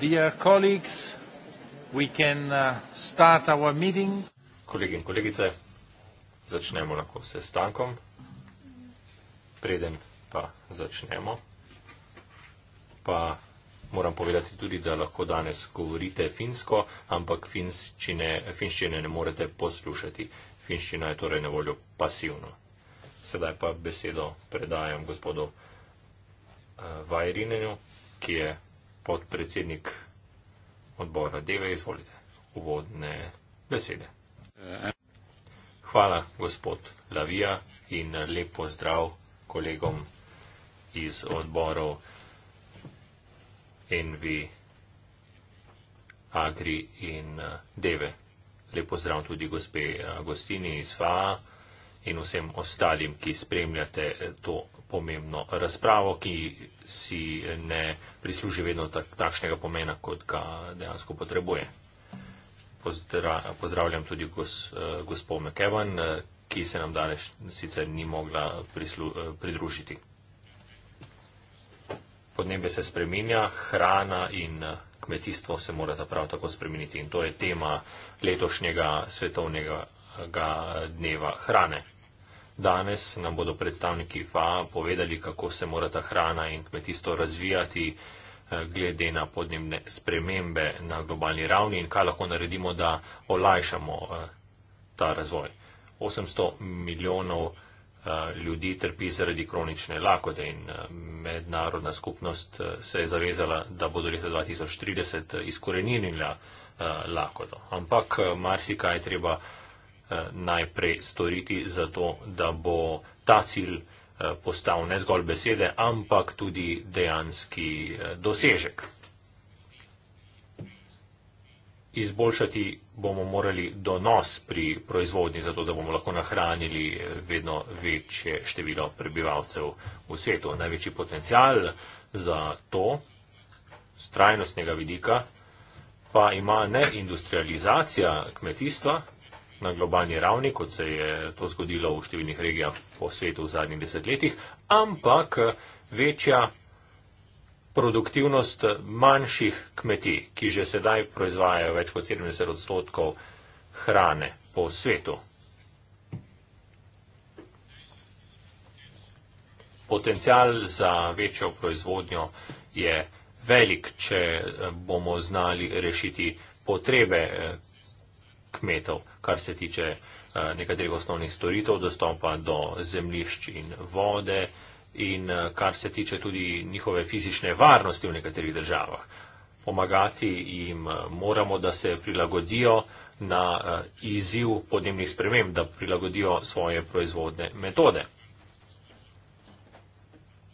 Dear colleagues, we can uh, start our meeting. Kolegi in kolegice, začnemo lahko s stankom. Preden pa začnemo, pa moram povedati tudi, da lahko danes govorite finsko, ampak finščine ne morete poslušati. Finščina je torej na voljo pasivno. Sedaj pa besedo predajam gospodu eh, Vajrinenju, ki je podpredsednik odbora Deve, izvolite uvodne besede. Hvala, gospod Lavija, in lep pozdrav kolegom iz odborov NV, Agri in eh, Deve. Lep pozdrav tudi gospe Agostini eh, iz FAA in vsem ostalim, ki spremljate eh, to pomembno razpravo, ki si ne prisluži vedno tak, takšnega pomena, kot ga dejansko potrebuje. Pozdra, pozdravljam tudi gos, gospo McEwan, ki se nam danes sicer ni mogla prislu, pridružiti. Podnebje se spreminja, hrana in kmetijstvo se morata prav tako spremeniti in to je tema letošnjega svetovnega dneva hrane. Danes nam bodo predstavniki FAA povedali, kako se mora ta hrana in kmetijstvo razvijati eh, glede na podnebne spremembe na globalni ravni in kaj lahko naredimo, da olajšamo eh, ta razvoj. 800 milijonov eh, ljudi trpi zaradi kronične lakote in mednarodna skupnost se je zavezala, da bodo leta 2030 izkoreninila lakoto. Ampak marsikaj treba. Eh, najprej storiti za to, da bo ta cilj eh, postal ne zgolj besede, ampak tudi dejanski eh, dosežek. Izboljšati bomo morali donos pri proizvodnji, zato da bomo lahko nahranili vedno večje število prebivalcev v svetu. Največji potencial za to z trajnostnega vidika pa ima ne industrializacija kmetijstva, na globalni ravni, kot se je to zgodilo v številnih regijah po svetu v zadnjih desetletjih, ampak večja produktivnost manjših kmetij, ki že sedaj proizvajajo več kot 70 odstotkov hrane po svetu. Potencial za večjo proizvodnjo je velik, če bomo znali rešiti potrebe eh, kmetov, kar se tiče eh, nekaterih osnovnih storitev, dostopa do zemljišč in vode in eh, kar se tiče tudi njihove fizične varnosti v nekaterih državah. Pomagati jim eh, moramo, da se prilagodijo na izziv podnebnih sprememb, da prilagodijo svoje proizvodne metode.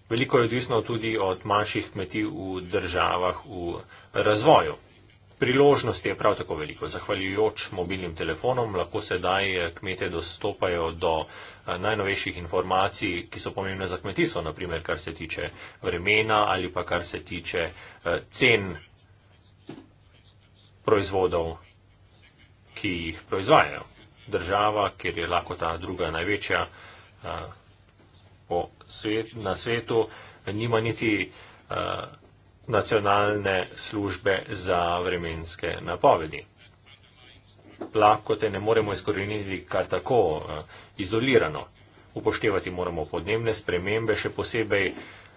Veliko je odvisno tudi od manjših kmetij v državah v razvoju. Priložnosti je prav tako veliko. Zahvaljujoč mobilnim telefonom lahko sedaj eh, kmete dostopajo do eh, najnovejših informacij, ki so pomembne za kmetijstvo, naprimer kar se tiče vremena ali pa kar se tiče eh, cen proizvodov, ki jih proizvajajo. Država, kjer je lahko ta druga največja svet, na svetu, nima niti nacionalne službe za vremenske napovedi. Lahko te ne moremo izkoreniti kar tako eh, izolirano. Upoštevati moramo podnebne spremembe, še posebej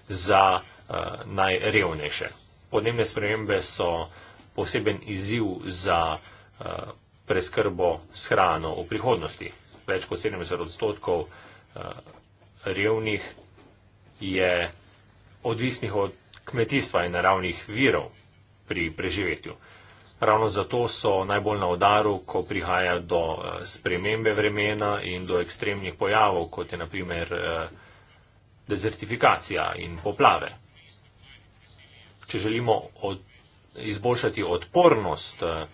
za eh, najrevnejše. Podnebne spremembe so poseben izziv za eh, preskrbo s hrano v prihodnosti. Več kot 70 odstotkov revnih je odvisnih od kmetijstva in naravnih virov pri preživetju. Ravno zato so najbolj na udaru, ko prihaja do eh, spremembe vremena in do ekstremnih pojavov, kot je naprimer eh, dezertifikacija in poplave. Če želimo od, izboljšati odpornost eh,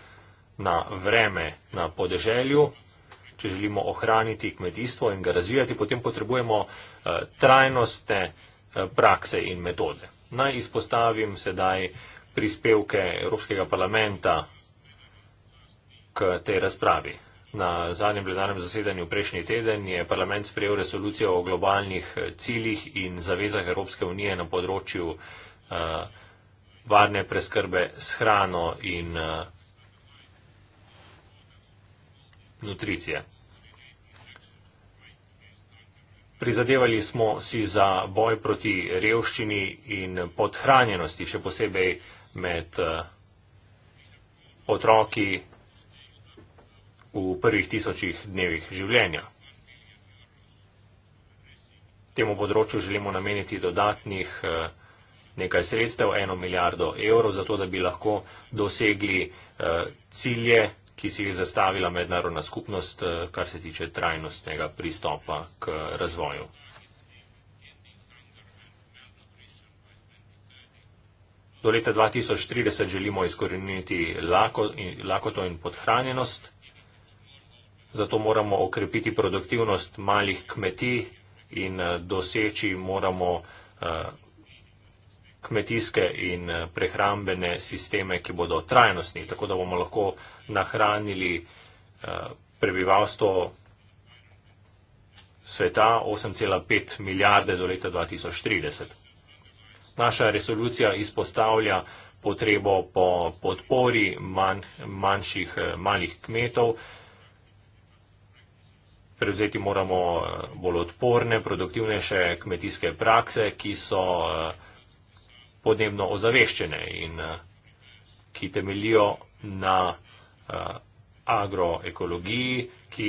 na vreme na podeželju, če želimo ohraniti kmetijstvo in ga razvijati, potem potrebujemo trajnostne prakse in metode. Naj izpostavim sedaj prispevke Evropskega parlamenta k tej razpravi. Na zadnjem plenarnem zasedanju prejšnji teden je parlament sprejel resolucijo o globalnih eh, ciljih in zavezah Evropske unije na področju uh, varne preskrbe s hrano in uh, nutricije. Prizadevali smo si za boj proti revščini in podhranjenosti, še posebej med eh, otroki v prvih tisočih dnevih življenja. Temu področju želimo nameniti dodatnih eh, nekaj sredstev, eno milijardo evrov, zato da bi lahko dosegli eh, cilje ki si jih zastavila mednarodna skupnost, eh, kar se tiče trajnostnega pristopa k razvoju. Do leta 2030 želimo izkoreniti lako in, lakoto in podhranjenost, zato moramo okrepiti produktivnost malih kmetij in eh, doseči moramo uh, kmetijske in eh, prehrambene sisteme, ki bodo trajnostni, tako da bomo lahko nahranili eh, prebivalstvo sveta 8,5 milijarde do leta 2030. Naša resolucija izpostavlja potrebo po podpori manj, manjših eh, malih kmetov. Prevzeti moramo bolj odporne, produktivnejše kmetijske prakse, ki so uh, podnebno ozaveščene in eh, ki temelijo na eh, agroekologiji, ki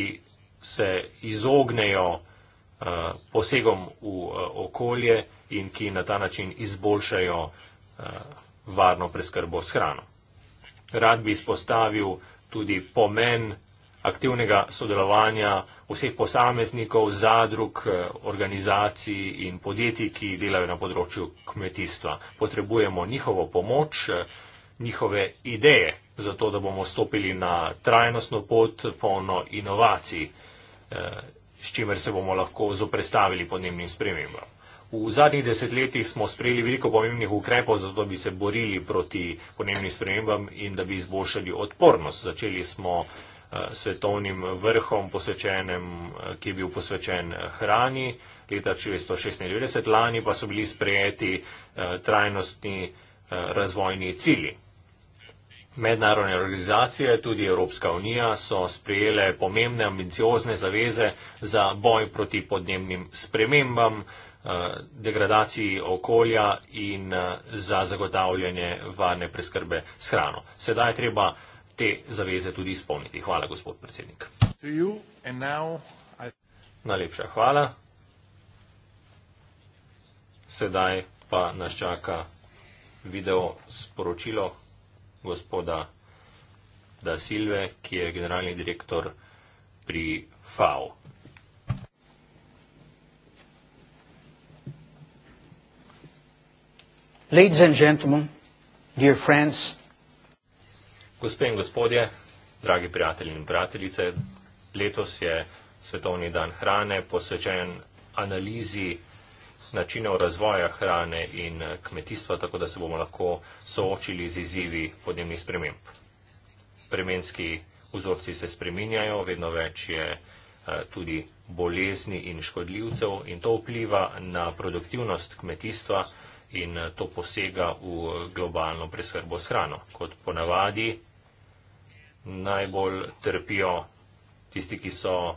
se izognejo eh, posegom v okolje in ki na ta način izboljšajo varno preskrbo s hrano. Rad bi izpostavil tudi pomen aktivnega sodelovanja vseh posameznikov, zadrug, eh, organizacij in podjetij, ki delajo na področju kmetijstva. Potrebujemo njihovo pomoč, eh, njihove ideje, zato da bomo stopili na trajnostno pot polno inovacij, eh, s čimer se bomo lahko zoprestavili podnebnim spremembam. V zadnjih desetletjih smo sprejeli veliko pomembnih ukrepov, zato bi se borili proti podnebnim spremembam in da bi izboljšali odpornost. Začeli smo Eh, svetovnim vrhom, eh, ki je bil posvečen eh, hrani leta 1996, lani pa so bili sprejeti trajnostni razvojni cilji. Mednarodne organizacije, tudi Evropska unija, so sprejele pomembne ambiciozne zaveze za boj proti podnebnim spremembam, degradaciji okolja in za zagotavljanje varne preskrbe s hrano. Sedaj treba te zaveze tudi izpolniti. Hvala, gospod predsednik. Najlepša hvala. Sedaj pa nas čaka video sporočilo gospoda Da Silve, ki je generalni direktor pri FAO. Ladies and gentlemen, dear friends, Gospe in gospodje, dragi prijatelji in prijateljice, letos je Svetovni dan hrane posvečen analizi načinov razvoja hrane in eh, kmetijstva, tako da se bomo lahko soočili z izzivi podnebnih sprememb. Premenski vzorci se spreminjajo, vedno več je eh, tudi bolezni in škodljivcev in to vpliva na produktivnost kmetijstva in eh, to posega v globalno preskrbo s hrano. Kot ponavadi, najbolj trpijo tisti, ki so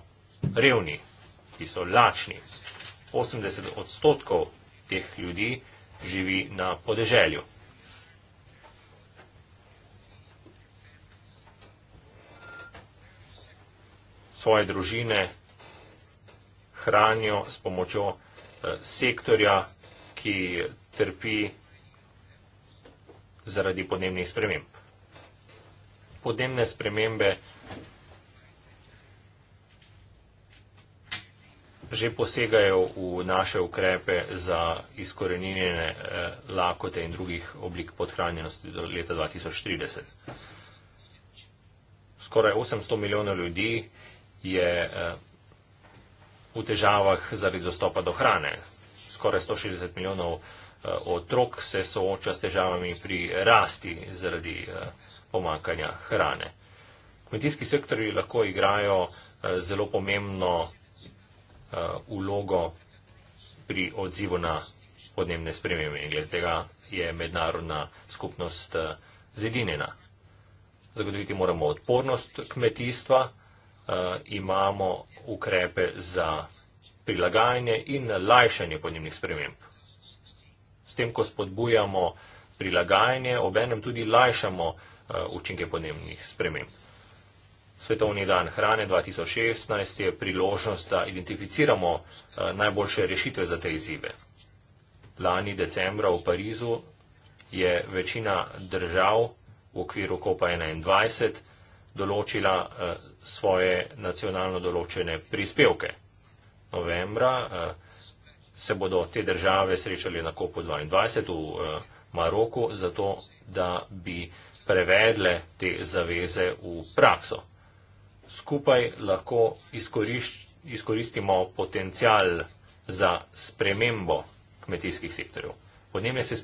revni, ki so lačni. 80 odstotkov teh ljudi živi na podeželju. Svoje družine hranijo s pomočjo eh, sektorja, ki trpi zaradi podnebnih sprememb podnebne spremembe že posegajo v naše ukrepe za izkoreninjene eh, lakote in drugih oblik podhranjenosti do leta 2030. Skoraj 800 milijonov ljudi je eh, v težavah zaradi dostopa do hrane. Skoraj 160 milijonov ljudi Eh, otrok se sooča s težavami pri rasti zaradi eh, pomankanja hrane. Kmetijski sektori lahko igrajo eh, zelo pomembno ulogo pri odzivu na podnebne spremembe in glede tega je mednarodna skupnost zedinjena. Zagotoviti moramo odpornost kmetijstva, imamo ukrepe za prilagajanje in lajšanje podnebnih sprememb s tem, ko spodbujamo prilagajanje, obenem tudi lajšamo eh, učinke podnebnih sprememb. Svetovni dan hrane 2016 je priložnost, da identificiramo eh, najboljše rešitve za te izzive. Lani decembra v Parizu je večina držav v okviru COP21 določila eh, svoje nacionalno določene prispevke. Novembra se bodo te države srečali na COP22 v eh, Maroku, zato da bi prevedle te zaveze v prakso. Skupaj lahko izkoristimo potencial za spremembo kmetijskih sektorjev. Podnebje se,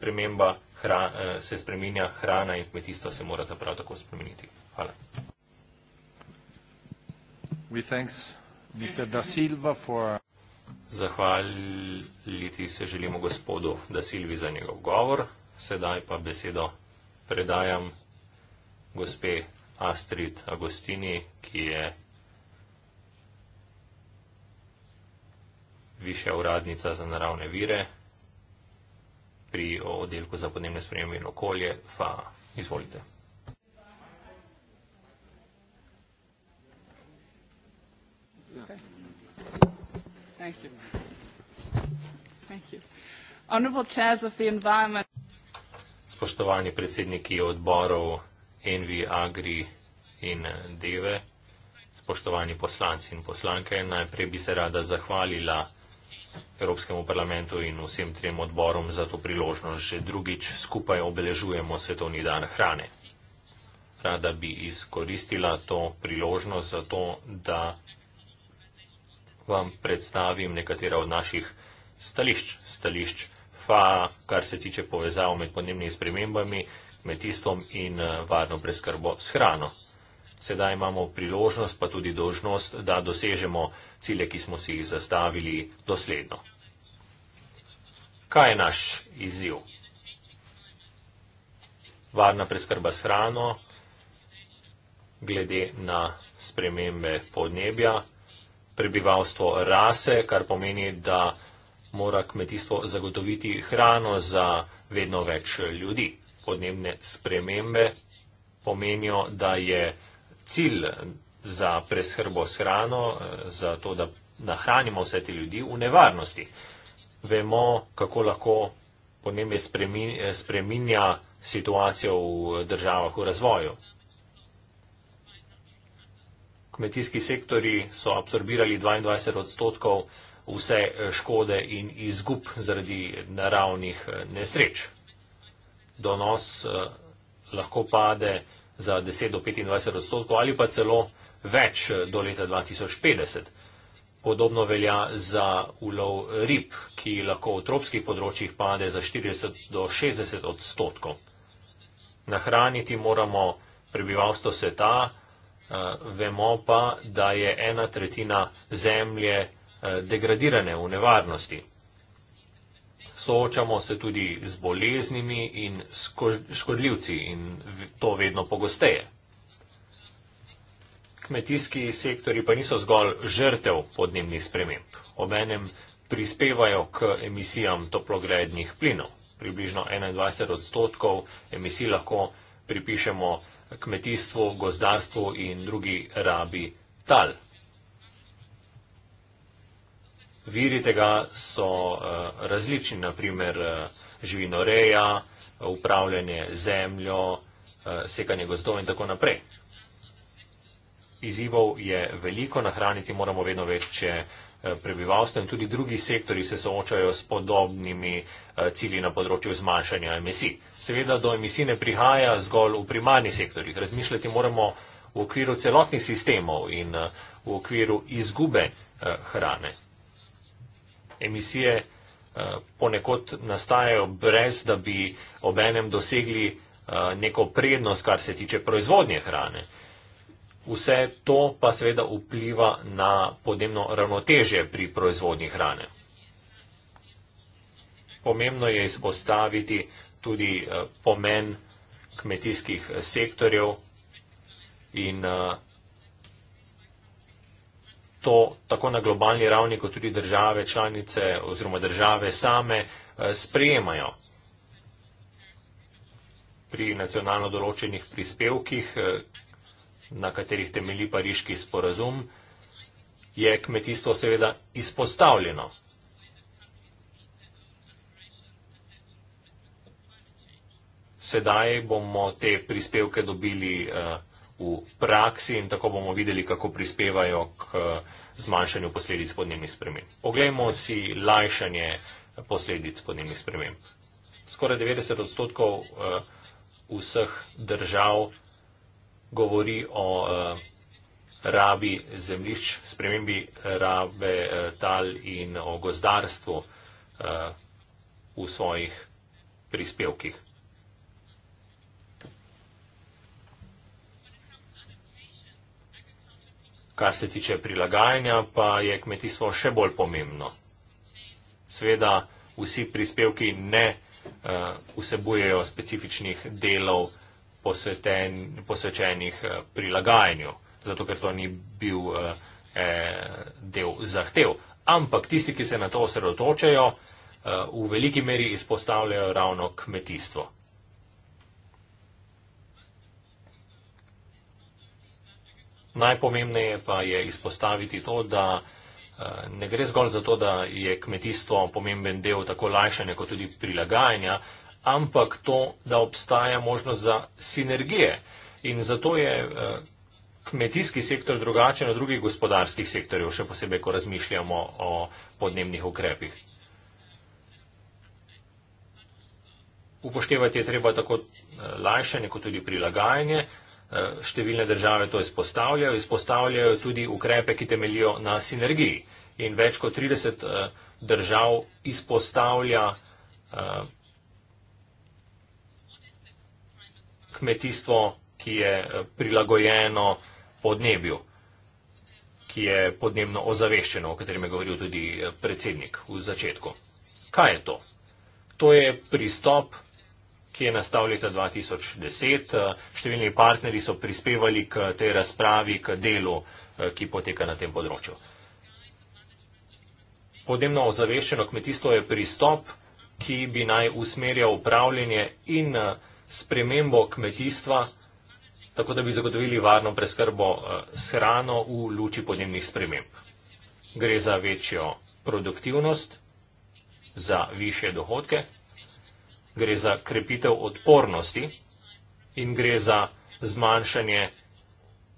hra, eh, se spreminja, hrana in kmetijstvo se morata prav tako spremeniti. Hvala. We thanks Mr. Da Silva for Zahvaliti se želimo gospodu Da Silvi za njegov govor. Sedaj pa besedo predajam gospe Astrid Agostini, ki je višja uradnica za naravne vire pri oddelku za podnebne spremembe in okolje. Fa, izvolite. Thank you. Thank you. Honorable chairs of the environment. Spoštovani predsedniki odborov Envi, Agri in Deve, spoštovani poslanci in poslanke, najprej bi se rada zahvalila Evropskemu parlamentu in vsem trem odborom za to priložnost. Že drugič skupaj obeležujemo Svetovni dan hrane. Rada bi izkoristila to priložnost za to, da vam predstavim nekatera od naših stališč, stališč FA, kar se tiče povezav med podnebnimi spremembami, kmetijstvom in eh, varno preskrbo s hrano. Sedaj imamo priložnost, pa tudi dožnost, da dosežemo cilje, ki smo si jih zastavili dosledno. Kaj je naš izziv? Varna preskrba s hrano, glede na spremembe podnebja, prebivalstvo rase, kar pomeni, da mora kmetijstvo zagotoviti hrano za vedno več ljudi. Podnebne spremembe pomenijo, da je cilj za preskrbo s hrano, za to, da nahranimo vse te ljudi v nevarnosti. Vemo, kako lahko podnebje spreminja situacijo v državah v razvoju kmetijski sektori so absorbirali 22 odstotkov vse eh, škode in izgub zaradi naravnih eh, nesreč. Donos eh, lahko pade za 10 do 25 odstotkov ali pa celo več do leta 2050. Podobno velja za ulov rib, ki lahko v tropskih področjih pade za 40 do 60 odstotkov. Nahraniti moramo prebivalstvo sveta, Eh, vemo pa, da je ena tretjina zemlje eh, degradirane v nevarnosti. Soočamo se tudi z boleznimi in škodljivci in to vedno pogosteje. Kmetijski sektori pa niso zgolj žrtev podnebnih sprememb. Obenem prispevajo k emisijam toplogrednih plinov. Približno 21 odstotkov emisij lahko pripišemo kmetijstvu, gozdarstvu in drugi rabi tal. Viri tega so eh, različni, naprimer eh, živinoreja, upravljanje zemljo, eh, sekanje gozdov in tako naprej. Izivov je veliko, nahraniti moramo vedno več, če prebivalstva in tudi drugi sektori se soočajo s podobnimi eh, cilji na področju zmanjšanja emisij. Seveda do emisij ne prihaja zgolj v primarnih sektorjih. Razmišljati moramo v okviru celotnih sistemov in eh, v okviru izgube eh, hrane. Emisije ponekod nastajajo brez, da bi obenem dosegli neko prednost, kar se tiče proizvodnje hrane. Vse to pa seveda vpliva na podnebno ravnotežje pri proizvodnji hrane. Pomembno je izpostaviti tudi eh, pomen kmetijskih eh, sektorjev in eh, to tako na globalni ravni, kot tudi države članice oziroma države same sprejemajo pri nacionalno določenih prispevkih, na katerih temeli pariški sporazum, je kmetijstvo seveda izpostavljeno. Sedaj bomo te prispevke dobili eh, v praksi in tako bomo videli, kako prispevajo k eh, zmanjšanju posledic podnebnih sprememb. Poglejmo si lajšanje posledic podnebnih sprememb. Skoraj 90 odstotkov eh, vseh držav govori o eh, rabi zemljišč, spremembi eh, rabe eh, tal in o gozdarstvu v svojih prispevkih. Kar se tiče prilagajanja, pa je kmetijstvo še bolj pomembno. Sveda vsi prispevki ne uh, vsebujejo specifičnih delov posveten, posvečenih eh, prilagajanju, zato ker to ni bil eh, eh, del zahtev. Ampak tisti, ki se na to osredotočajo, eh, v veliki meri izpostavljajo ravno kmetijstvo. Najpomembneje pa je izpostaviti to, da eh, ne gre zgolj za to, da je kmetijstvo pomemben del tako lajšanja kot tudi prilagajanja, ampak to, da obstaja možnost za sinergije. In zato je eh, kmetijski sektor drugačen od drugih gospodarskih sektorjev, še posebej, ko razmišljamo o podnebnih ukrepih. Upoštevati je treba tako eh, lajšanje, kot tudi prilagajanje. Eh, številne države to izpostavljajo, izpostavljajo tudi ukrepe, ki temelijo na sinergiji. In več kot 30 držav izpostavlja kmetijstvo, ki je eh, prilagojeno podnebju, ki je podnebno ozaveščeno, o katerem je govoril tudi eh, predsednik v začetku. Kaj je to? To je pristop, ki je nastal leta 2010. Eh, številni partneri so prispevali k tej razpravi, k delu, ki poteka na tem področju. Podnebno ozaveščeno kmetijstvo je pristop, ki bi naj usmerjal upravljanje in spremembo kmetijstva, tako da bi zagotovili varno preskrbo eh, s hrano v luči podnebnih sprememb. Gre za večjo produktivnost, za više dohodke, gre za krepitev odpornosti in gre za zmanjšanje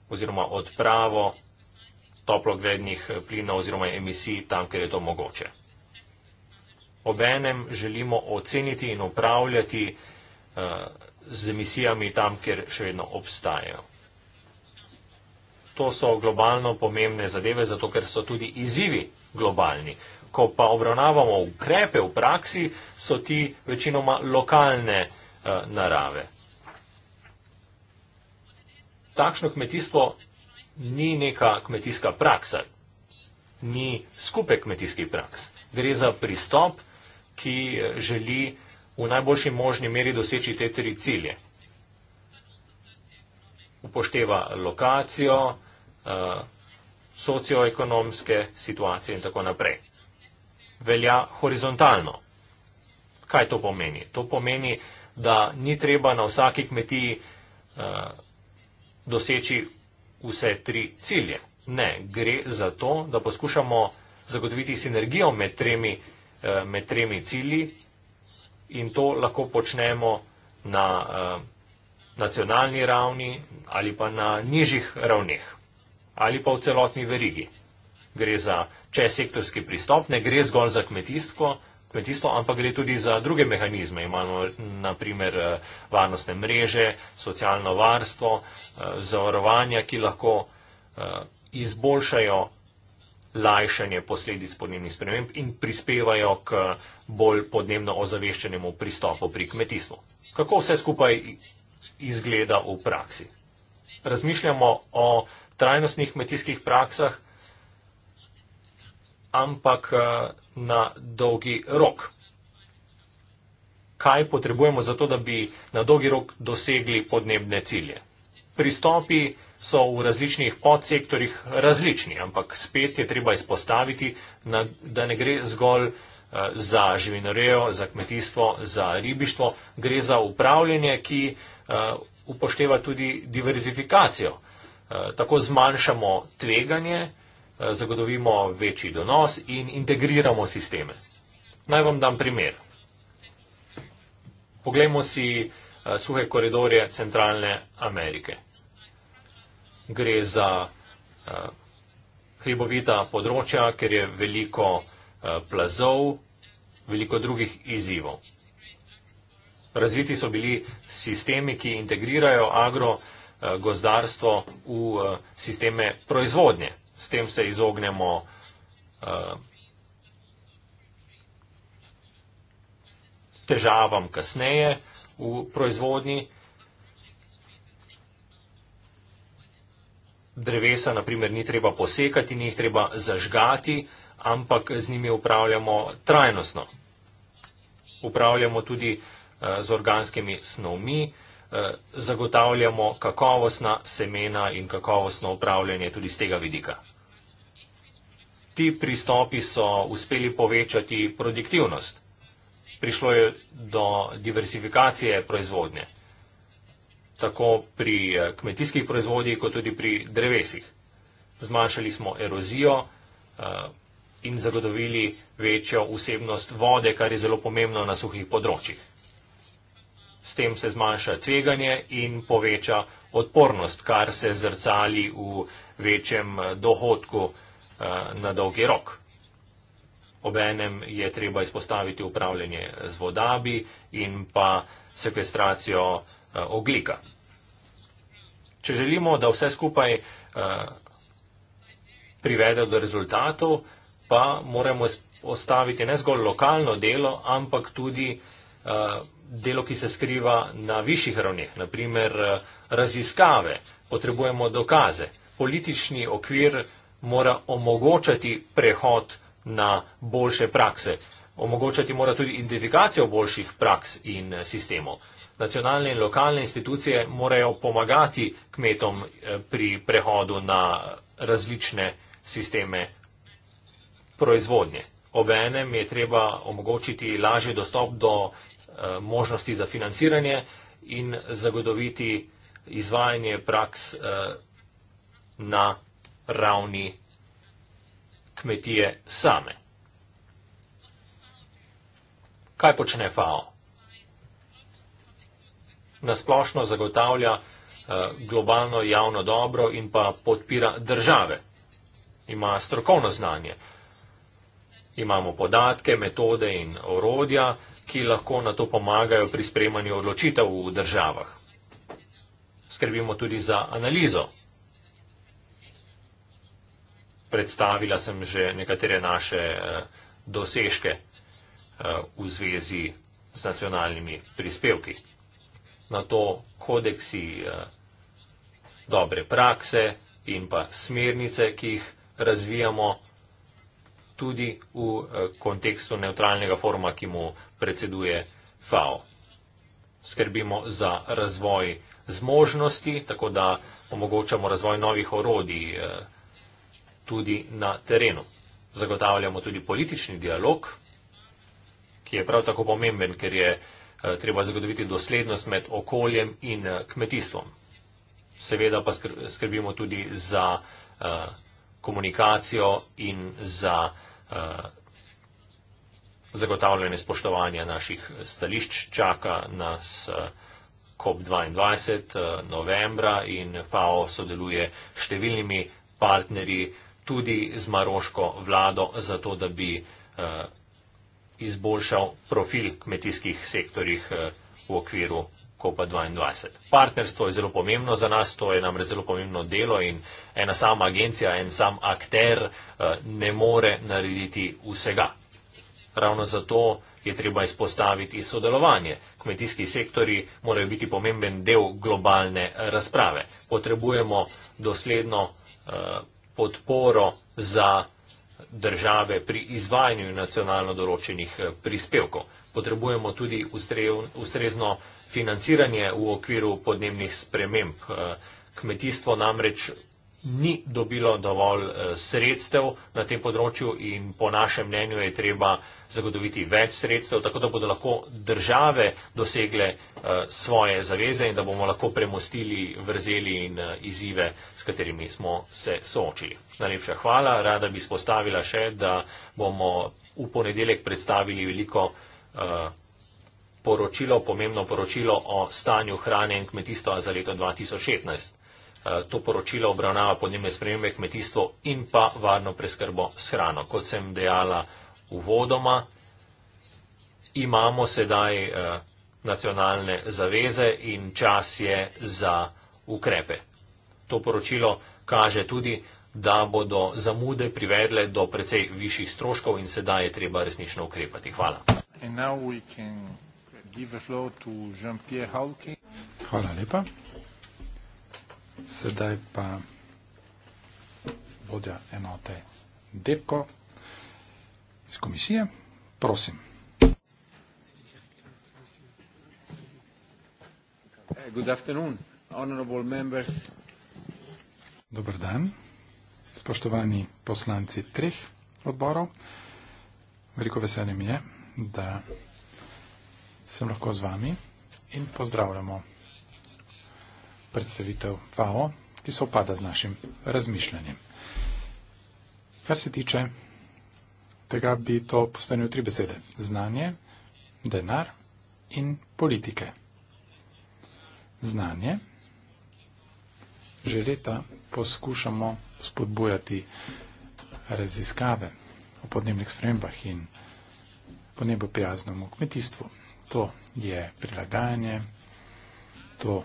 oziroma odpravo toplogrednih eh, plinov oziroma emisij tam, kjer je to mogoče. Obenem želimo oceniti in upravljati z emisijami tam, kjer še vedno obstajajo. To so globalno pomembne zadeve, zato ker so tudi izzivi globalni. Ko pa obravnavamo ukrepe v praksi, so ti večinoma lokalne uh, narave. Takšno kmetijstvo ni neka kmetijska praksa, ni skupek kmetijskih praks. Gre za pristop, ki eh, želi v najboljši možni meri doseči te tri cilje. Upošteva lokacijo, eh, socioekonomske situacije in tako naprej. Velja horizontalno. Kaj to pomeni? To pomeni, da ni treba na vsaki kmetiji eh, doseči vse tri cilje. Ne, gre za to, da poskušamo zagotoviti sinergijo med tremi, eh, med tremi cilji in to lahko počnemo na eh, nacionalni ravni ali pa na nižjih ravneh ali pa v celotni verigi. Gre za česektorski pristop, ne gre zgolj za kmetijstvo, kmetijstvo, ampak gre tudi za druge mehanizme. Imamo naprimer eh, varnostne mreže, socialno varstvo, eh, zavarovanja, ki lahko izboljšajo lajšanje posledic podnebnih sprememb in prispevajo k bolj podnebno ozaveščenemu pristopu pri kmetijstvu. Kako vse skupaj izgleda v praksi? Razmišljamo o trajnostnih kmetijskih praksah, ampak na dolgi rok. Kaj potrebujemo za to, da bi na dolgi rok dosegli podnebne cilje? Pristopi so v različnih podsektorjih različni, ampak spet je treba izpostaviti, da ne gre zgolj eh, za živinorejo, za kmetijstvo, za ribištvo, gre za upravljanje, ki eh, upošteva tudi diverzifikacijo. Eh, tako zmanjšamo tveganje, zagotovimo večji donos in integriramo sisteme. Naj vam dam primer. Poglejmo si suhe koridorje Centralne Amerike gre za uh, hribovita področja, ker je veliko uh, plazov, veliko drugih izzivov. Razviti so bili sistemi, ki integrirajo agrogozdarstvo eh, uh, v uh, sisteme proizvodnje. S tem se izognemo uh, težavam kasneje v proizvodnji. drevesa naprimer ni treba posekati, ni jih treba zažgati, ampak z njimi upravljamo trajnostno. Upravljamo tudi eh, z organskimi snovmi, eh, zagotavljamo kakovostna semena in kakovostno upravljanje tudi z tega vidika. Ti pristopi so uspeli povečati produktivnost. Prišlo je do diversifikacije proizvodnje tako pri eh, kmetijskih proizvodih, kot tudi pri drevesih. Zmanjšali smo erozijo eh, in zagotovili večjo vsebnost vode, kar je zelo pomembno na suhih področjih. S tem se zmanjša tveganje in poveča odpornost, kar se zrcali v večjem eh, dohodku na dolgi rok. Obenem je treba izpostaviti upravljanje z vodami in pa sekvestracijo. Eh, ogljika. Če želimo, da vse skupaj eh, privede do rezultatov, pa moramo ostaviti ne zgolj lokalno delo, ampak tudi eh, delo, ki se skriva na višjih ravneh, naprimer raziskave, potrebujemo dokaze. Politični okvir mora omogočati prehod na boljše prakse. Omogočati mora tudi identifikacijo boljših praks in sistemov nacionalne in lokalne institucije morajo pomagati kmetom eh, pri prehodu na različne sisteme proizvodnje. Obenem je treba omogočiti lažji dostop do eh, možnosti za financiranje in zagotoviti izvajanje praks eh, na ravni kmetije same. Kaj počne FAO? nasplošno zagotavlja eh, globalno javno dobro in pa podpira države. Ima strokovno znanje. Imamo podatke, metode in orodja, ki lahko na to pomagajo pri spremanju odločitev v državah. Skrbimo tudi za analizo. Predstavila sem že nekatere naše eh, dosežke eh, v zvezi z nacionalnimi prispevki na to kodeksi eh, dobre prakse in pa smernice, ki jih razvijamo tudi v eh, kontekstu neutralnega foruma, ki mu predseduje FAO. Skrbimo za razvoj zmožnosti, tako da omogočamo razvoj novih orodij eh, tudi na terenu. Zagotavljamo tudi politični dialog, ki je prav tako pomemben, ker je eh, Eh, treba zagotoviti doslednost med okoljem in eh, kmetijstvom. Seveda pa skrbimo tudi za eh, komunikacijo in za zagotavljanje spoštovanja naših stališč. Čaka nas COP22 novembra in FAO sodeluje s številnimi partnerji, tudi z maroško vlado, zato da bi izboljšal profil kmetijskih sektorjih eh, v okviru COP22. Partnerstvo je zelo pomembno za nas, to je namreč zelo pomembno delo in ena sama agencija, en sam akter eh, ne more narediti vsega. Ravno zato je treba izpostaviti sodelovanje. Kmetijski sektori morajo biti pomemben del globalne eh, razprave. Potrebujemo dosledno podporo za države pri izvajanju nacionalno določenih eh, prispevkov. Potrebujemo tudi ustrezno financiranje v okviru podnebnih sprememb. Eh, kmetijstvo namreč ni dobilo dovolj eh, sredstev na tem področju in po našem mnenju je treba zagotoviti več sredstev, tako da bodo lahko države dosegle eh, svoje zaveze in da bomo lahko premostili vrzeli in eh, izzive, s katerimi smo se soočili. Najlepša hvala. Rada bi spostavila še, da bomo v ponedeljek predstavili veliko poročilo, pomembno poročilo o stanju hrane in kmetijstva za leto 2016. Eh, to poročilo obravnava podnebne spremembe kmetijstvo in pa varno preskrbo s hrano. Kot sem dejala uvodoma, imamo sedaj eh, nacionalne zaveze in čas je za ukrepe. To poročilo kaže tudi, da bodo zamude privedle do precej višjih stroškov in sedaj je treba resnično ukrepati. Hvala. Hvala lepa. Sedaj pa vodja enote Depko iz komisije. Prosim. Eh, Dobr dan, spoštovani poslanci treh odborov. Veliko veselje mi je, da sem lahko z vami in pozdravljamo predstavitev FAO, ki se opada z našim razmišljanjem. Kar se tiče tega, bi to postavil tri besede. Znanje, denar in politike. Znanje. Že leta poskušamo spodbujati raziskave o podnebnih spremembah in podnebno prijaznemu kmetijstvu. To je prilagajanje, to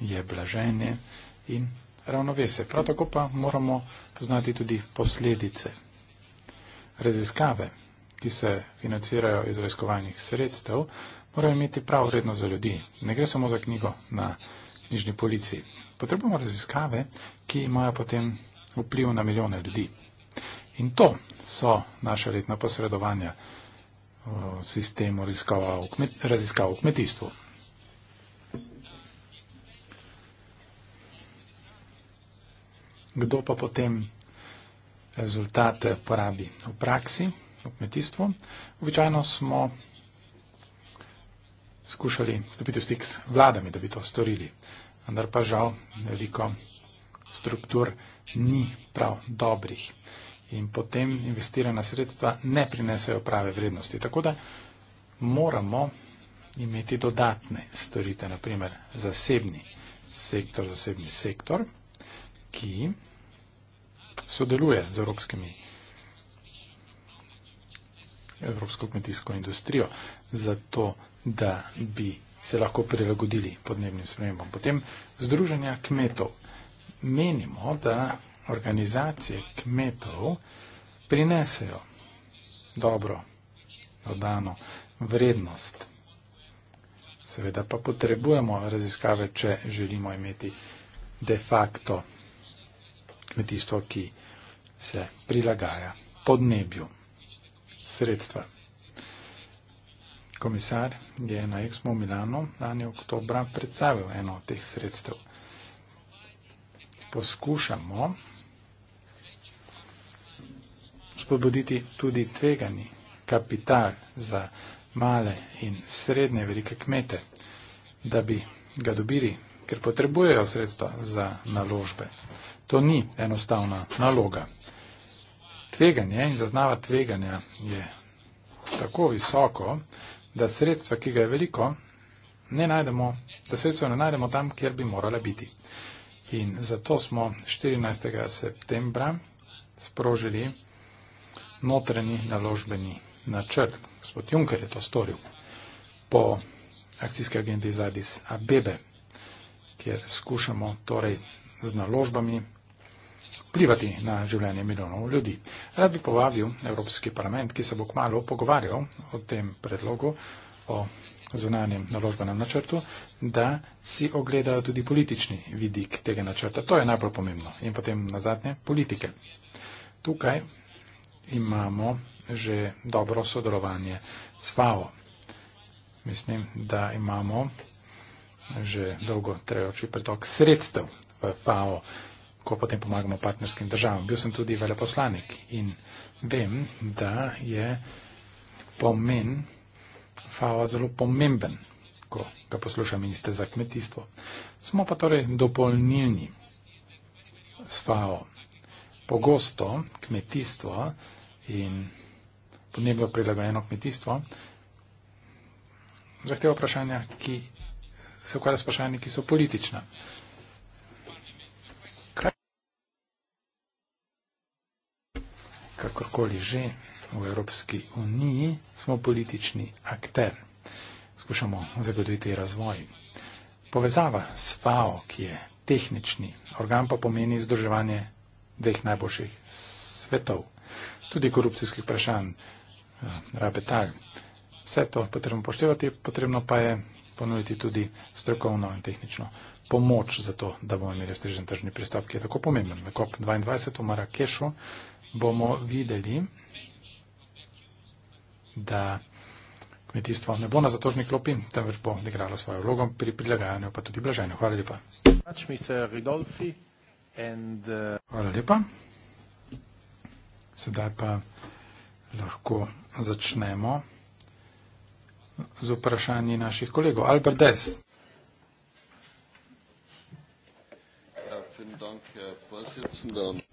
je blaženje in ravnovese. Prav tako pa moramo poznati tudi posledice. Raziskave, ki se financirajo iz raziskovanjih sredstev, morajo imeti prav vredno za ljudi. Ne gre samo za knjigo na knjižni policiji. Potrebujemo raziskave, ki imajo potem vpliv na milijone ljudi. In to so naše letna posredovanja v sistemu raziskav v kmetijstvu. kdo pa potem rezultate porabi v praksi, v kmetijstvu. Običajno smo skušali stopiti v stik z vladami, da bi to storili, vendar pa žal veliko struktur ni prav dobrih in potem investirana sredstva ne prinesejo prave vrednosti. Tako da moramo imeti dodatne storitve, naprimer zasebni sektor, zasebni sektor ki sodeluje z evropskimi, evropsko kmetijsko industrijo, zato da bi se lahko prilagodili podnebnim spremembam. Potem združenja kmetov. Menimo, da organizacije kmetov prinesejo dobro dodano vrednost. Seveda pa potrebujemo raziskave, če želimo imeti de facto kmetijstvo, ki se prilagaja podnebju. Sredstva. Komisar je na Expo v Milano lani oktobra predstavil eno od teh sredstev. Poskušamo spodbuditi tudi tvegani kapital za male in srednje velike kmete, da bi ga dobili, ker potrebujejo sredstva za naložbe. To ni enostavna naloga. Tveganje in zaznava tveganja je tako visoko, da sredstva, ki ga je veliko, ne najdemo, da sredstva ne najdemo tam, kjer bi morala biti. In zato smo 14. septembra sprožili notreni naložbeni načrt. Gospod Juncker je to storil po akcijski agendi Zadis Abebe, kjer skušamo torej z naložbami plivati na življenje milijonov ljudi. Rad bi povabil Evropski parlament, ki se bo kmalo pogovarjal o tem predlogu, o zunanjem naložbenem načrtu, da si ogledajo tudi politični vidik tega načrta. To je najbolj pomembno. In potem na zadnje politike. Tukaj imamo že dobro sodelovanje s FAO. Mislim, da imamo že dolgo trajoči pretok sredstev v FAO ko potem pomagamo partnerskim državam. Bil sem tudi veleposlanik in vem, da je pomen FAO zelo pomemben, ko ga posluša minister za kmetijstvo. Smo pa torej dopolnilni s FAO. Pogosto kmetijstvo in podnebno prilagojeno kmetijstvo zahteva vprašanja, ki se ukvarja s vprašanji, ki so politična. kakorkoli že v Evropski uniji, smo politični akter. Skušamo zagotoviti razvoj. Povezava s FAO, ki je tehnični organ, pa pomeni združevanje dveh najboljših svetov, tudi korupcijskih vprašanj, eh, rabetal. Vse to je potrebno poštevati, potrebno pa je ponuditi tudi strokovno in tehnično pomoč za to, da bomo imeli strežen tržni pristop, ki je tako pomemben. Na COP22 v Marakešu bomo videli, da kmetijstvo ne bo na zatožni klopi, temveč bo igralo svojo vlogo pri prilagajanju pa tudi blaženju. Hvala lepa. Uh, Hvala lepa. Sedaj pa lahko začnemo z vprašanji naših kolegov. Albert Dess. Ja,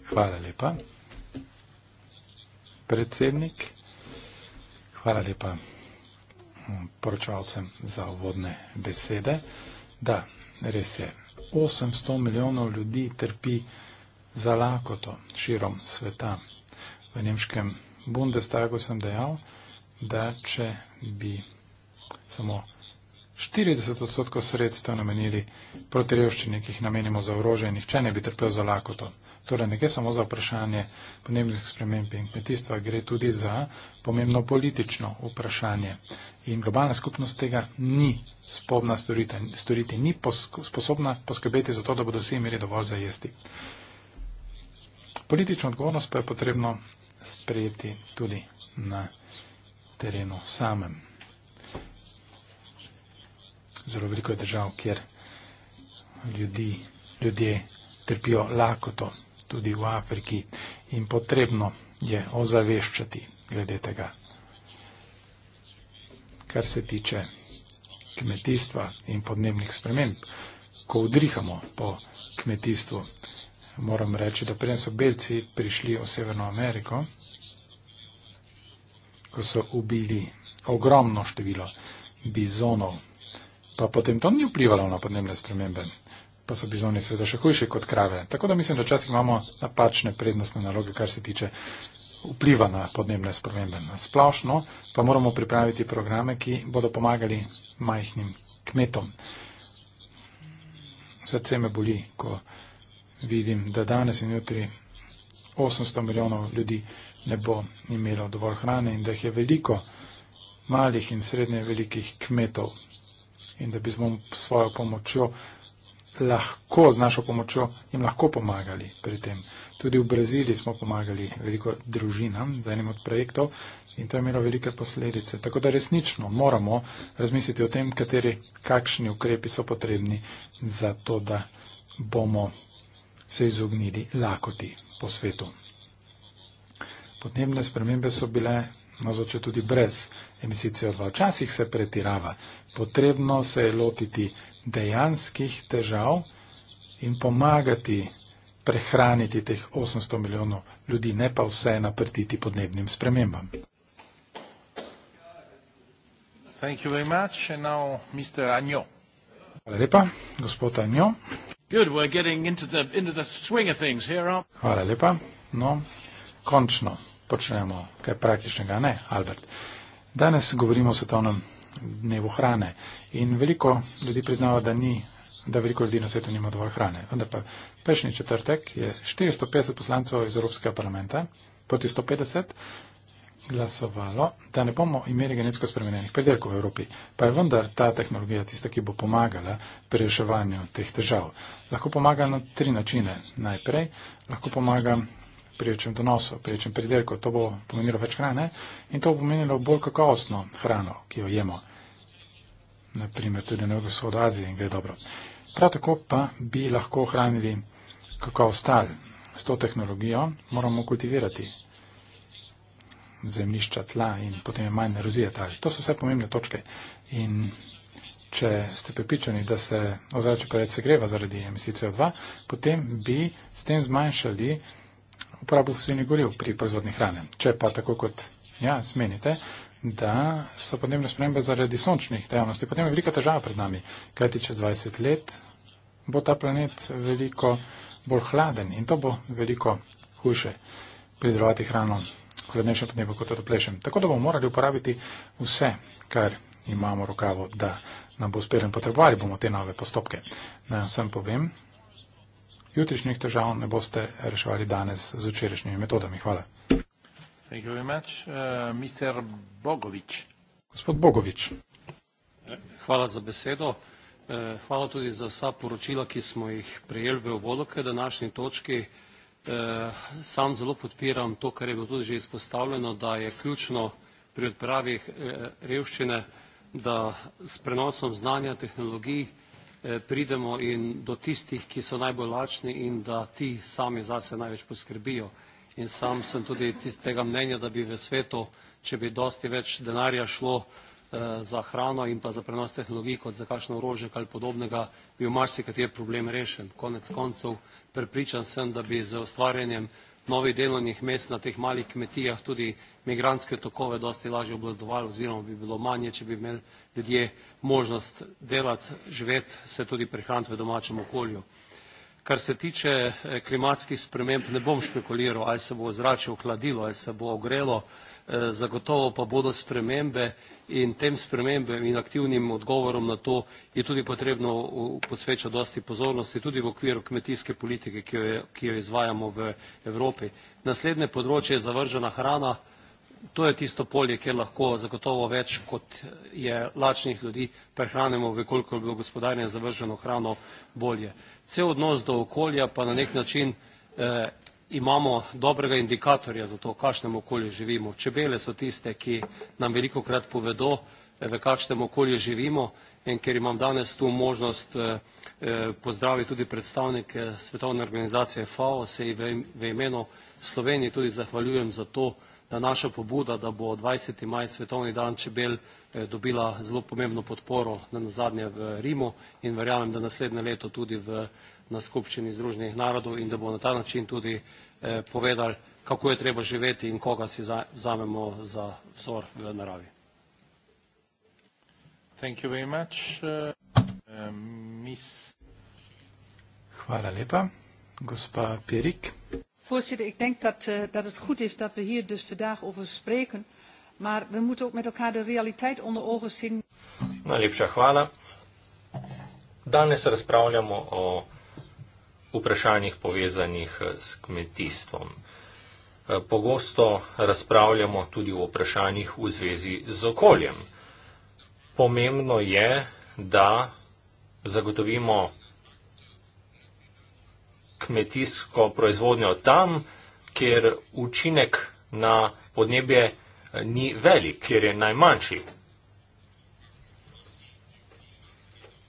Hvala lepa predsednik. Hvala lepa mm, poročevalcem za uvodne besede. Da, res je, 800 milijonov ljudi trpi za lakoto širom sveta. V nemškem Bundestagu sem dejal, da če bi samo 40 odstotkov sredstev namenili proti revščini, ki jih namenimo za orožje, nihče ne bi trpel za lakoto. Torej ne gre samo za vprašanje podnebnih sprememb in kmetijstva, gre tudi za pomembno politično vprašanje. In globalna skupnost tega ni sposobna storiti, storiti ni posko, sposobna poskrbeti za to, da bodo vsi imeli dovolj za jesti. Politično odgovornost pa je potrebno sprejeti tudi na terenu samem. Zelo veliko je držav, kjer ljudi, ljudje trpijo lakoto tudi v Afriki in potrebno je ozaveščati glede tega. Kar se tiče kmetijstva in podnebnih sprememb, ko udrihamo po kmetijstvu, moram reči, da preden so belci prišli v Severno Ameriko, ko so ubili ogromno število bizonov, pa potem to ni vplivalo na podnebne spremembe pa so bizoni seveda še hujši kot krave. Tako da mislim, da včasih imamo napačne prednostne naloge, kar se tiče vpliva na podnebne spremembe. Splošno pa moramo pripraviti programe, ki bodo pomagali majhnim kmetom. Srce me boli, ko vidim, da danes in jutri 800 milijonov ljudi ne bo imelo dovolj hrane in da jih je veliko malih in srednje velikih kmetov in da bi smo s svojo pomočjo lahko z našo pomočjo jim lahko pomagali pri tem. Tudi v Braziliji smo pomagali veliko družinam z enim od projektov in to je imelo velike posledice. Tako da resnično moramo razmisliti o tem, kateri, kakšni ukrepi so potrebni za to, da bomo se izognili lakoti po svetu. Podnebne spremembe so bile mazoče tudi brez emisij CO2. Včasih se pretirava. Potrebno se je lotiti dejanskih težav in pomagati prehraniti teh 800 milijonov ljudi, ne pa vse naprtiti podnebnim spremembam. Hvala lepa, gospod Anjo. Good, into the, into the here, Hvala lepa. No, končno počnemo kaj praktičnega, ne, Albert. Danes govorimo o svetovnem dnevu hrane. In veliko ljudi priznava, da, ni, da veliko ljudi na svetu nima dovolj hrane. Vendar pa prejšnji četrtek je 450 poslancev iz Evropskega parlamenta proti 150 glasovalo, da ne bomo imeli genetsko spremenjenih predelkov v Evropi. Pa je vendar ta tehnologija tista, ki bo pomagala pri reševanju teh težav. Lahko pomaga na tri načine. Najprej lahko pomaga pri večjem donosu, pri večjem pridelku. To bo pomenilo več hrane in to bo pomenilo bolj kakovostno hrano, ki jo jemo. Naprimer tudi na jugovzhodu Azije in gre dobro. Prav tako pa bi lahko hranili kakovostal. S to tehnologijo moramo kultivirati zemlišča, tla in potem je manj erozije tal. To so vse pomembne točke. In če ste prepričani, da se ozračje preveč segreva zaradi emisij CO2, potem bi s tem zmanjšali uporabo fosilnih goriv pri proizvodni hrane. Če pa tako kot jaz menite, da so podnebne spremembe zaradi sončnih dejavnosti, potem je velika težava pred nami, kajti čez 20 let bo ta planet veliko bolj hladen in to bo veliko huše pridelovati hrano v hladnejšem podnebju kot v toplejšem. Tako da bomo morali uporabiti vse, kar imamo v rokavo, da nam bo uspelo in potrebovali bomo te nove postopke. Naj vsem povem, jutrišnjih težav ne boste reševali danes z včerajšnjimi metodami. Hvala. Thank you very much. Uh, Mr. Bogovič. Gospod Bogovič. Hvala za besedo. Uh, hvala tudi za vsa poročila, ki smo jih prejeli v uvodu k današnji točki. Uh, sam zelo podpiram to, kar je bilo tudi že izpostavljeno, da je ključno pri odpravi uh, revščine, da s prenosom znanja tehnologij Eh, pridemo in do tistih, ki so najbolj lačni in da ti sami zase največ poskrbijo. In sam sem tudi tistega mnenja, da bi v svetu, če bi dosti več denarja šlo eh, za hrano in pa za prenos tehnologij kot za kakšno orožje ali podobnega, bi v marsikateri problem rešen. Konec koncev prepričan sem, da bi z ustvarjanjem novih delovnih mest na teh malih kmetijah tudi migrantske tokove dosti lažje obvladovali oziroma bi bilo manje, če bi imeli ljudje možnost delati, živeti, se tudi prehraniti v domačem okolju. Kar se tiče eh, klimatskih sprememb, ne bom špekuliral, ali se bo zrače ohladilo, ali se bo ogrelo, eh, zagotovo pa bodo spremembe in tem spremembem in aktivnim odgovorom na to je tudi potrebno posvečati dosti pozornosti tudi v okviru kmetijske politike, ki jo, je, ki jo izvajamo v Evropi. Naslednje področje je zavržena hrana, to je tisto polje, kjer lahko zagotovo več kot je lačnih ljudi prehranimo, vekoliko je bilo gospodarje zavrženo hrano bolje. Cel odnos do okolja pa na nek način eh, imamo dobrega indikatorja za to, v kakšnem okolju živimo. Čebele so tiste, ki nam veliko krat povedo, eh, v kakšnem okolju živimo in ker imam danes tu možnost eh, eh pozdraviti tudi predstavnike Svetovne organizacije FAO, se jih v, v imenu Slovenije tudi zahvaljujem za to, naša pobuda, da bo 20. maj svetovni dan čebel eh, dobila zelo pomembno podporo na nazadnje v Rimu in verjamem, da naslednje leto tudi v, na skupščini Združenih narodov in da bo na ta način tudi eh, povedal, kako je treba živeti in koga si za, zamemo za vzor v naravi. Thank you very much. Uh, miss... Hvala lepa. Gospa Pirik. Voorzitter, ik denk dat, uh, dat het goed is dat we hier dus vandaag over spreken. Maar we moeten ook met elkaar de realiteit onder ogen zien. Najlepša hvala. Danes razpravljamo o vprašanjih povezanih eh, s kmetijstvom. Eh, pogosto razpravljamo tudi o vprašanjih v zvezi z okoljem. Pomembno je, da zagotovimo kmetijsko proizvodnjo tam, kjer učinek na podnebje eh, ni velik, kjer je najmanjši.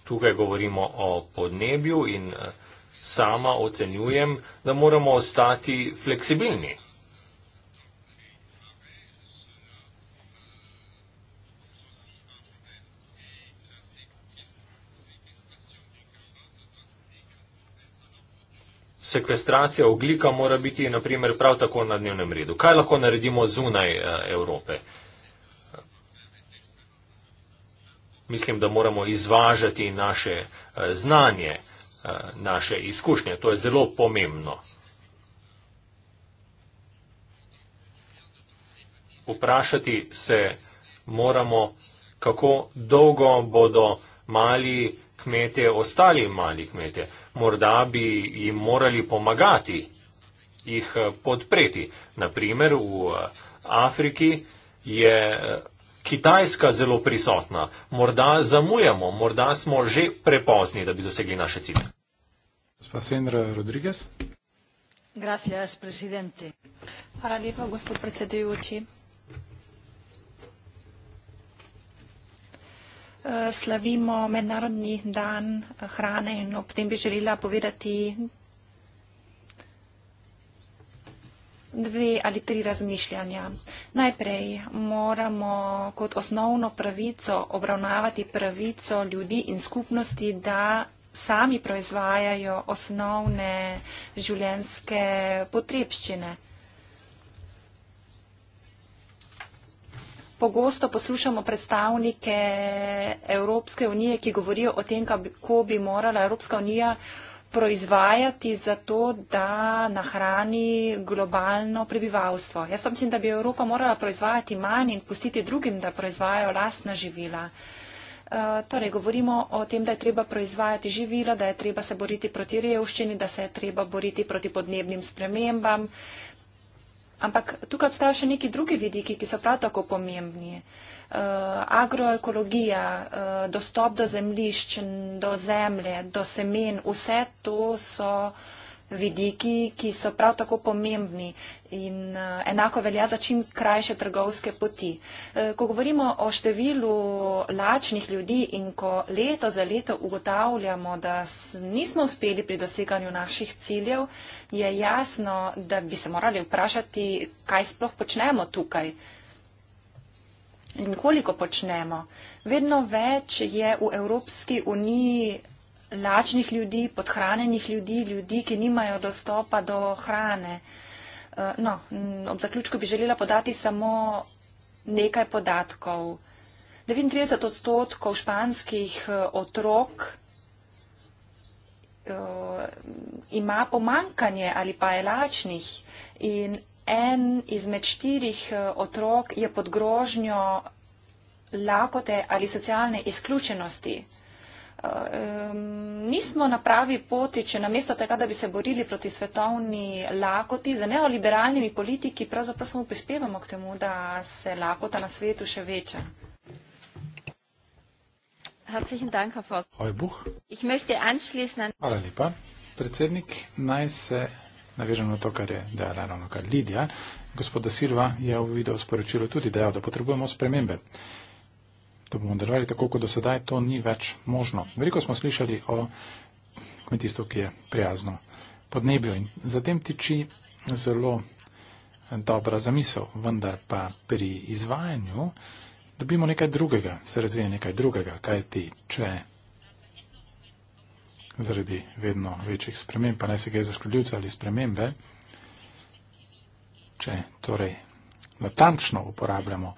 Tukaj govorimo o podnebju in eh, sama ocenjujem, da moramo ostati fleksibilni. sekvestracija oglika mora biti naprimer prav tako na dnevnem redu. Kaj lahko naredimo zunaj eh, Evrope? Mislim, da moramo izvažati naše eh, znanje, eh, naše izkušnje. To je zelo pomembno. Vprašati se moramo, kako dolgo bodo mali kmete, ostali mali kmete. Morda bi jim morali pomagati, jih eh, podpreti. Naprimer v eh, Afriki je eh, Kitajska zelo prisotna. Morda zamujamo, morda smo že prepozni, da bi dosegli naše cilje. Spasendra Rodriguez. Hvala lepa, gospod predsedujoči. slavimo mednarodni dan hrane in ob tem bi želela povedati dve ali tri razmišljanja. Najprej moramo kot osnovno pravico obravnavati pravico ljudi in skupnosti, da sami proizvajajo osnovne življenjske potrebščine. pogosto poslušamo predstavnike Evropske unije, ki govorijo o tem, kako bi morala Evropska unija proizvajati za to, da nahrani globalno prebivalstvo. Jaz pa mislim, da bi Evropa morala proizvajati manj in pustiti drugim, da proizvajajo lastna živila. E, torej, govorimo o tem, da je treba proizvajati živila, da je treba se boriti proti revščini, da se je treba boriti proti podnebnim spremembam. Ampak tukaj obstajajo še neki drugi vidiki, ki so prav tako pomembni. Uh, agroekologija, uh, dostop do zemlišč, do zemlje, do semen, vse to so vidiki, ki so prav tako pomembni in eh, enako velja za čim krajše trgovske poti. Eh, ko govorimo o številu lačnih ljudi in ko leto za leto ugotavljamo, da nismo uspeli pri doseganju naših ciljev, je jasno, da bi se morali vprašati, kaj sploh počnemo tukaj. In koliko počnemo? Vedno več je v Evropski uniji lačnih ljudi, podhranjenih ljudi, ljudi, ki nimajo dostopa do hrane. Eh, no, ob zaključku bi želela podati samo nekaj podatkov. 39 odstotkov španskih eh, otrok eh, ima pomankanje ali pa je lačnih in en izmed štirih otrok je pod grožnjo lakote ali socialne izključenosti. Eh, nismo na pravi poti, če namesto tega, da bi se borili proti svetovni lakoti z neoliberalnimi politiki, pravzaprav samo prispevamo k temu, da se lakota na svetu še veča. Hvala lepa. Predsednik, naj se navežem na to, kar je dejala ravno kar Lidija. Gospod Da Silva je v video sporočilo tudi dejal, da potrebujemo spremembe da bomo delovali tako, kot do sedaj, to ni več možno. Veliko smo slišali o kmetijstvu, ki je prijazno podnebju in zatem tiči zelo dobra zamisel, vendar pa pri izvajanju dobimo nekaj drugega, se razvije nekaj drugega, kaj ti, če zaradi vedno večjih sprememb, pa naj se gre za škodljivce ali spremembe, če torej natančno uporabljamo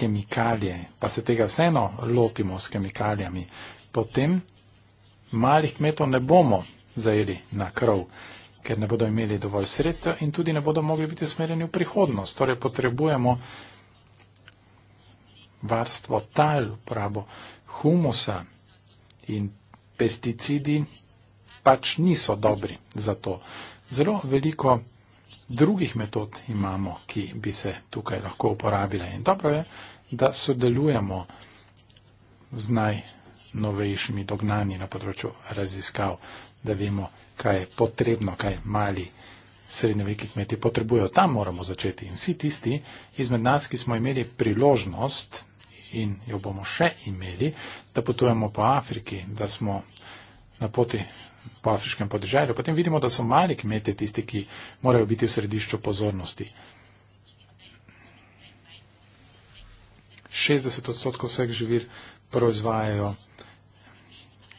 kemikalije, pa se tega vseeno lotimo s kemikalijami, potem malih kmetov ne bomo zajeli na krov, ker ne bodo imeli dovolj sredstva in tudi ne bodo mogli biti usmerjeni v prihodnost. Torej potrebujemo varstvo tal, uporabo humusa in pesticidi pač niso dobri za to. Zelo veliko drugih metod imamo, ki bi se tukaj lahko uporabile. In dobro je, da sodelujemo z najnovejšimi dognanji na področju raziskav, da vemo, kaj je potrebno, kaj mali srednjeveki kmeti potrebujejo. Tam moramo začeti. In vsi tisti izmed nas, ki smo imeli priložnost in jo bomo še imeli, da potujemo po Afriki, da smo na poti po afriškem podeželju, potem vidimo, da so mali kmete tisti, ki morajo biti v središču pozornosti. 60 odstotkov vseh živir proizvajajo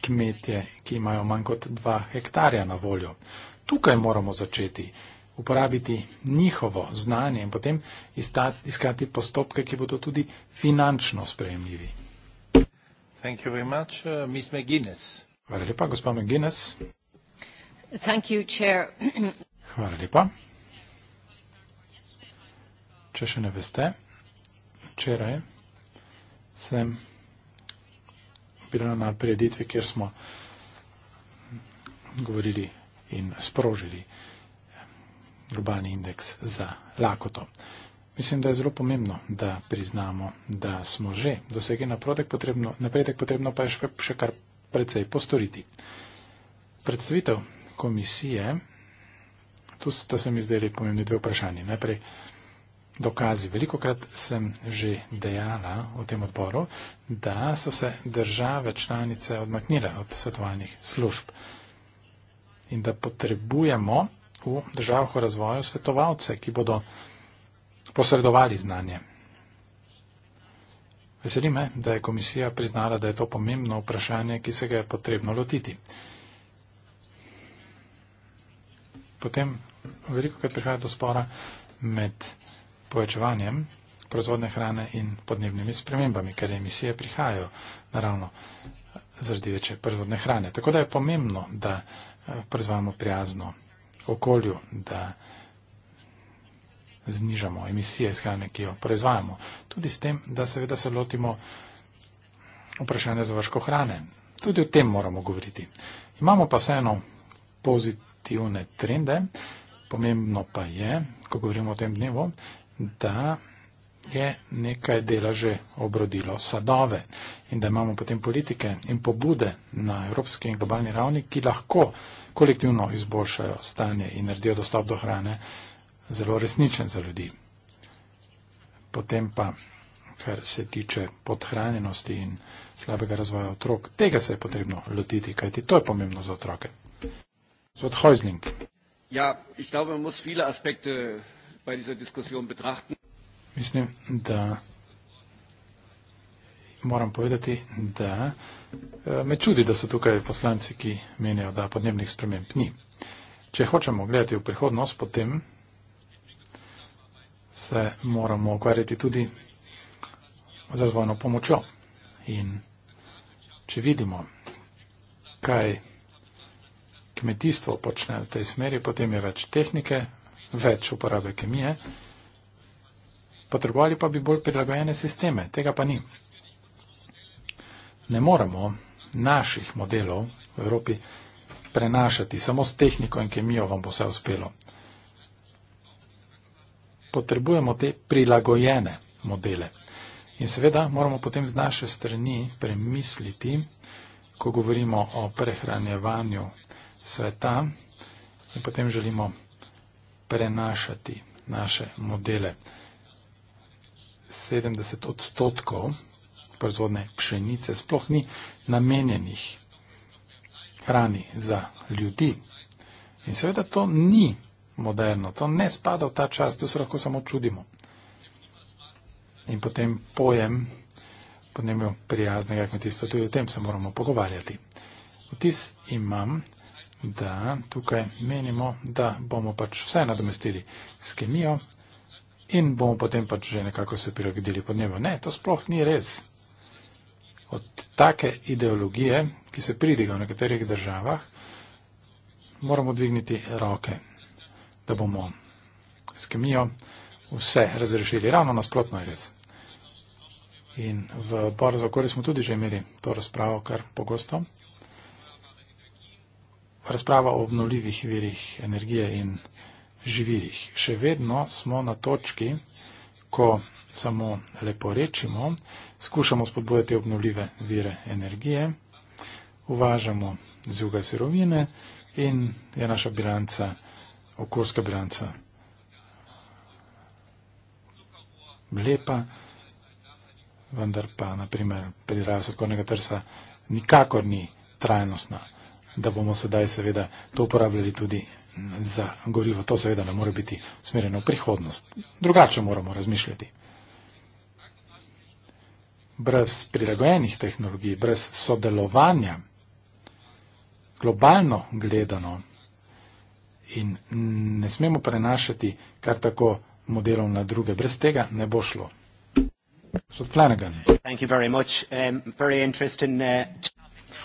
kmetje, ki imajo manj kot 2 hektarja na voljo. Tukaj moramo začeti uporabiti njihovo znanje in potem iskati postopke, ki bodo tudi finančno sprejemljivi. Thank you very much, uh, Ms. McGuinness. Hvala lepa, gospa McGuinness. Thank you, chair. Hvala lepa. Če še ne veste, včeraj sem bila na preditvi, kjer smo govorili in sprožili globalni indeks za lakoto. Mislim, da je zelo pomembno, da priznamo, da smo že dosegli napredek, potrebno, napredek potrebno pa je še, še kar precej postoriti. Predstavitev komisije, tu sta se mi zdeli pomembni dve vprašanji. Najprej dokazi. Veliko krat sem že dejala v tem odboru, da so se države članice odmaknile od svetovalnih služb in da potrebujemo v državah v razvoju svetovalce, ki bodo posredovali znanje Veseli me, da je komisija priznala, da je to pomembno vprašanje, ki se ga je potrebno lotiti. Potem veliko, kar prihaja do spora med povečevanjem proizvodne hrane in podnebnimi spremembami, ker emisije prihajajo naravno zaradi večje proizvodne hrane. Tako da je pomembno, da eh, proizvajamo prijazno okolju, da znižamo emisije iz hrane, ki jo proizvajamo. Tudi s tem, da seveda se lotimo vprašanja za vrško hrane. Tudi o tem moramo govoriti. Imamo pa vseeno pozitivne trende. Pomembno pa je, ko govorimo o tem dnevu, da je nekaj dela že obrodilo sadove in da imamo potem politike in pobude na evropski in globalni ravni, ki lahko kolektivno izboljšajo stanje in naredijo dostop do hrane zelo resničen za ljudi. Potem pa, kar se tiče podhranjenosti in slabega razvoja otrok, tega se je potrebno lotiti, kajti to je pomembno za otroke. Gospod Hojzling. Ja, mislim, da moram povedati, da eh, me čudi, da so tukaj poslanci, ki menijo, da podnebnih sprememb ni. Če hočemo gledati v prihodnost, potem se moramo ukvarjati tudi z razvojno pomočjo. In če vidimo, kaj kmetijstvo počne v tej smeri, potem je več tehnike, več uporabe kemije, potrebovali pa bi bolj prilagojene sisteme, tega pa ni. Ne moramo naših modelov v Evropi prenašati samo s tehniko in kemijo vam bo vse uspelo potrebujemo te prilagojene modele. In seveda moramo potem z naše strani premisliti, ko govorimo o prehranjevanju sveta in potem želimo prenašati naše modele. 70 odstotkov proizvodne pšenice sploh ni namenjenih hrani za ljudi. In seveda to ni moderno. To ne spada v ta čas, tu se lahko samo čudimo. In potem pojem podnebno prijaznega kmetijstva, tudi o tem se moramo pogovarjati. Vtis imam, da tukaj menimo, da bomo pač vse nadomestili s kemijo in bomo potem pač že nekako se prilagodili podnebju. Ne, to sploh ni res. Od take ideologije, ki se pridiga v nekaterih državah, moramo dvigniti roke da bomo s kemijo vse razrešili. Ravno nasplotno je res. In v Boru za okolje smo tudi že imeli to razpravo kar pogosto. Razprava o obnovljivih virih energije in živirih. Še vedno smo na točki, ko samo lepo rečemo, skušamo spodbujati obnovljive vire energije, uvažamo z juga sirovine in je naša bilanca okoljska bilanca. Lepa, vendar pa naprimer pri raju sladkornega trsa nikakor ni trajnostna, da bomo sedaj seveda to uporabljali tudi za gorivo. To seveda ne more biti smerjeno v prihodnost. Drugače moramo razmišljati. Brez prilagojenih tehnologij, brez sodelovanja, globalno gledano, in ne smemo prenašati kar tako modelov na druge. Brez tega ne bo šlo. Gospod Flanagan. Um, uh,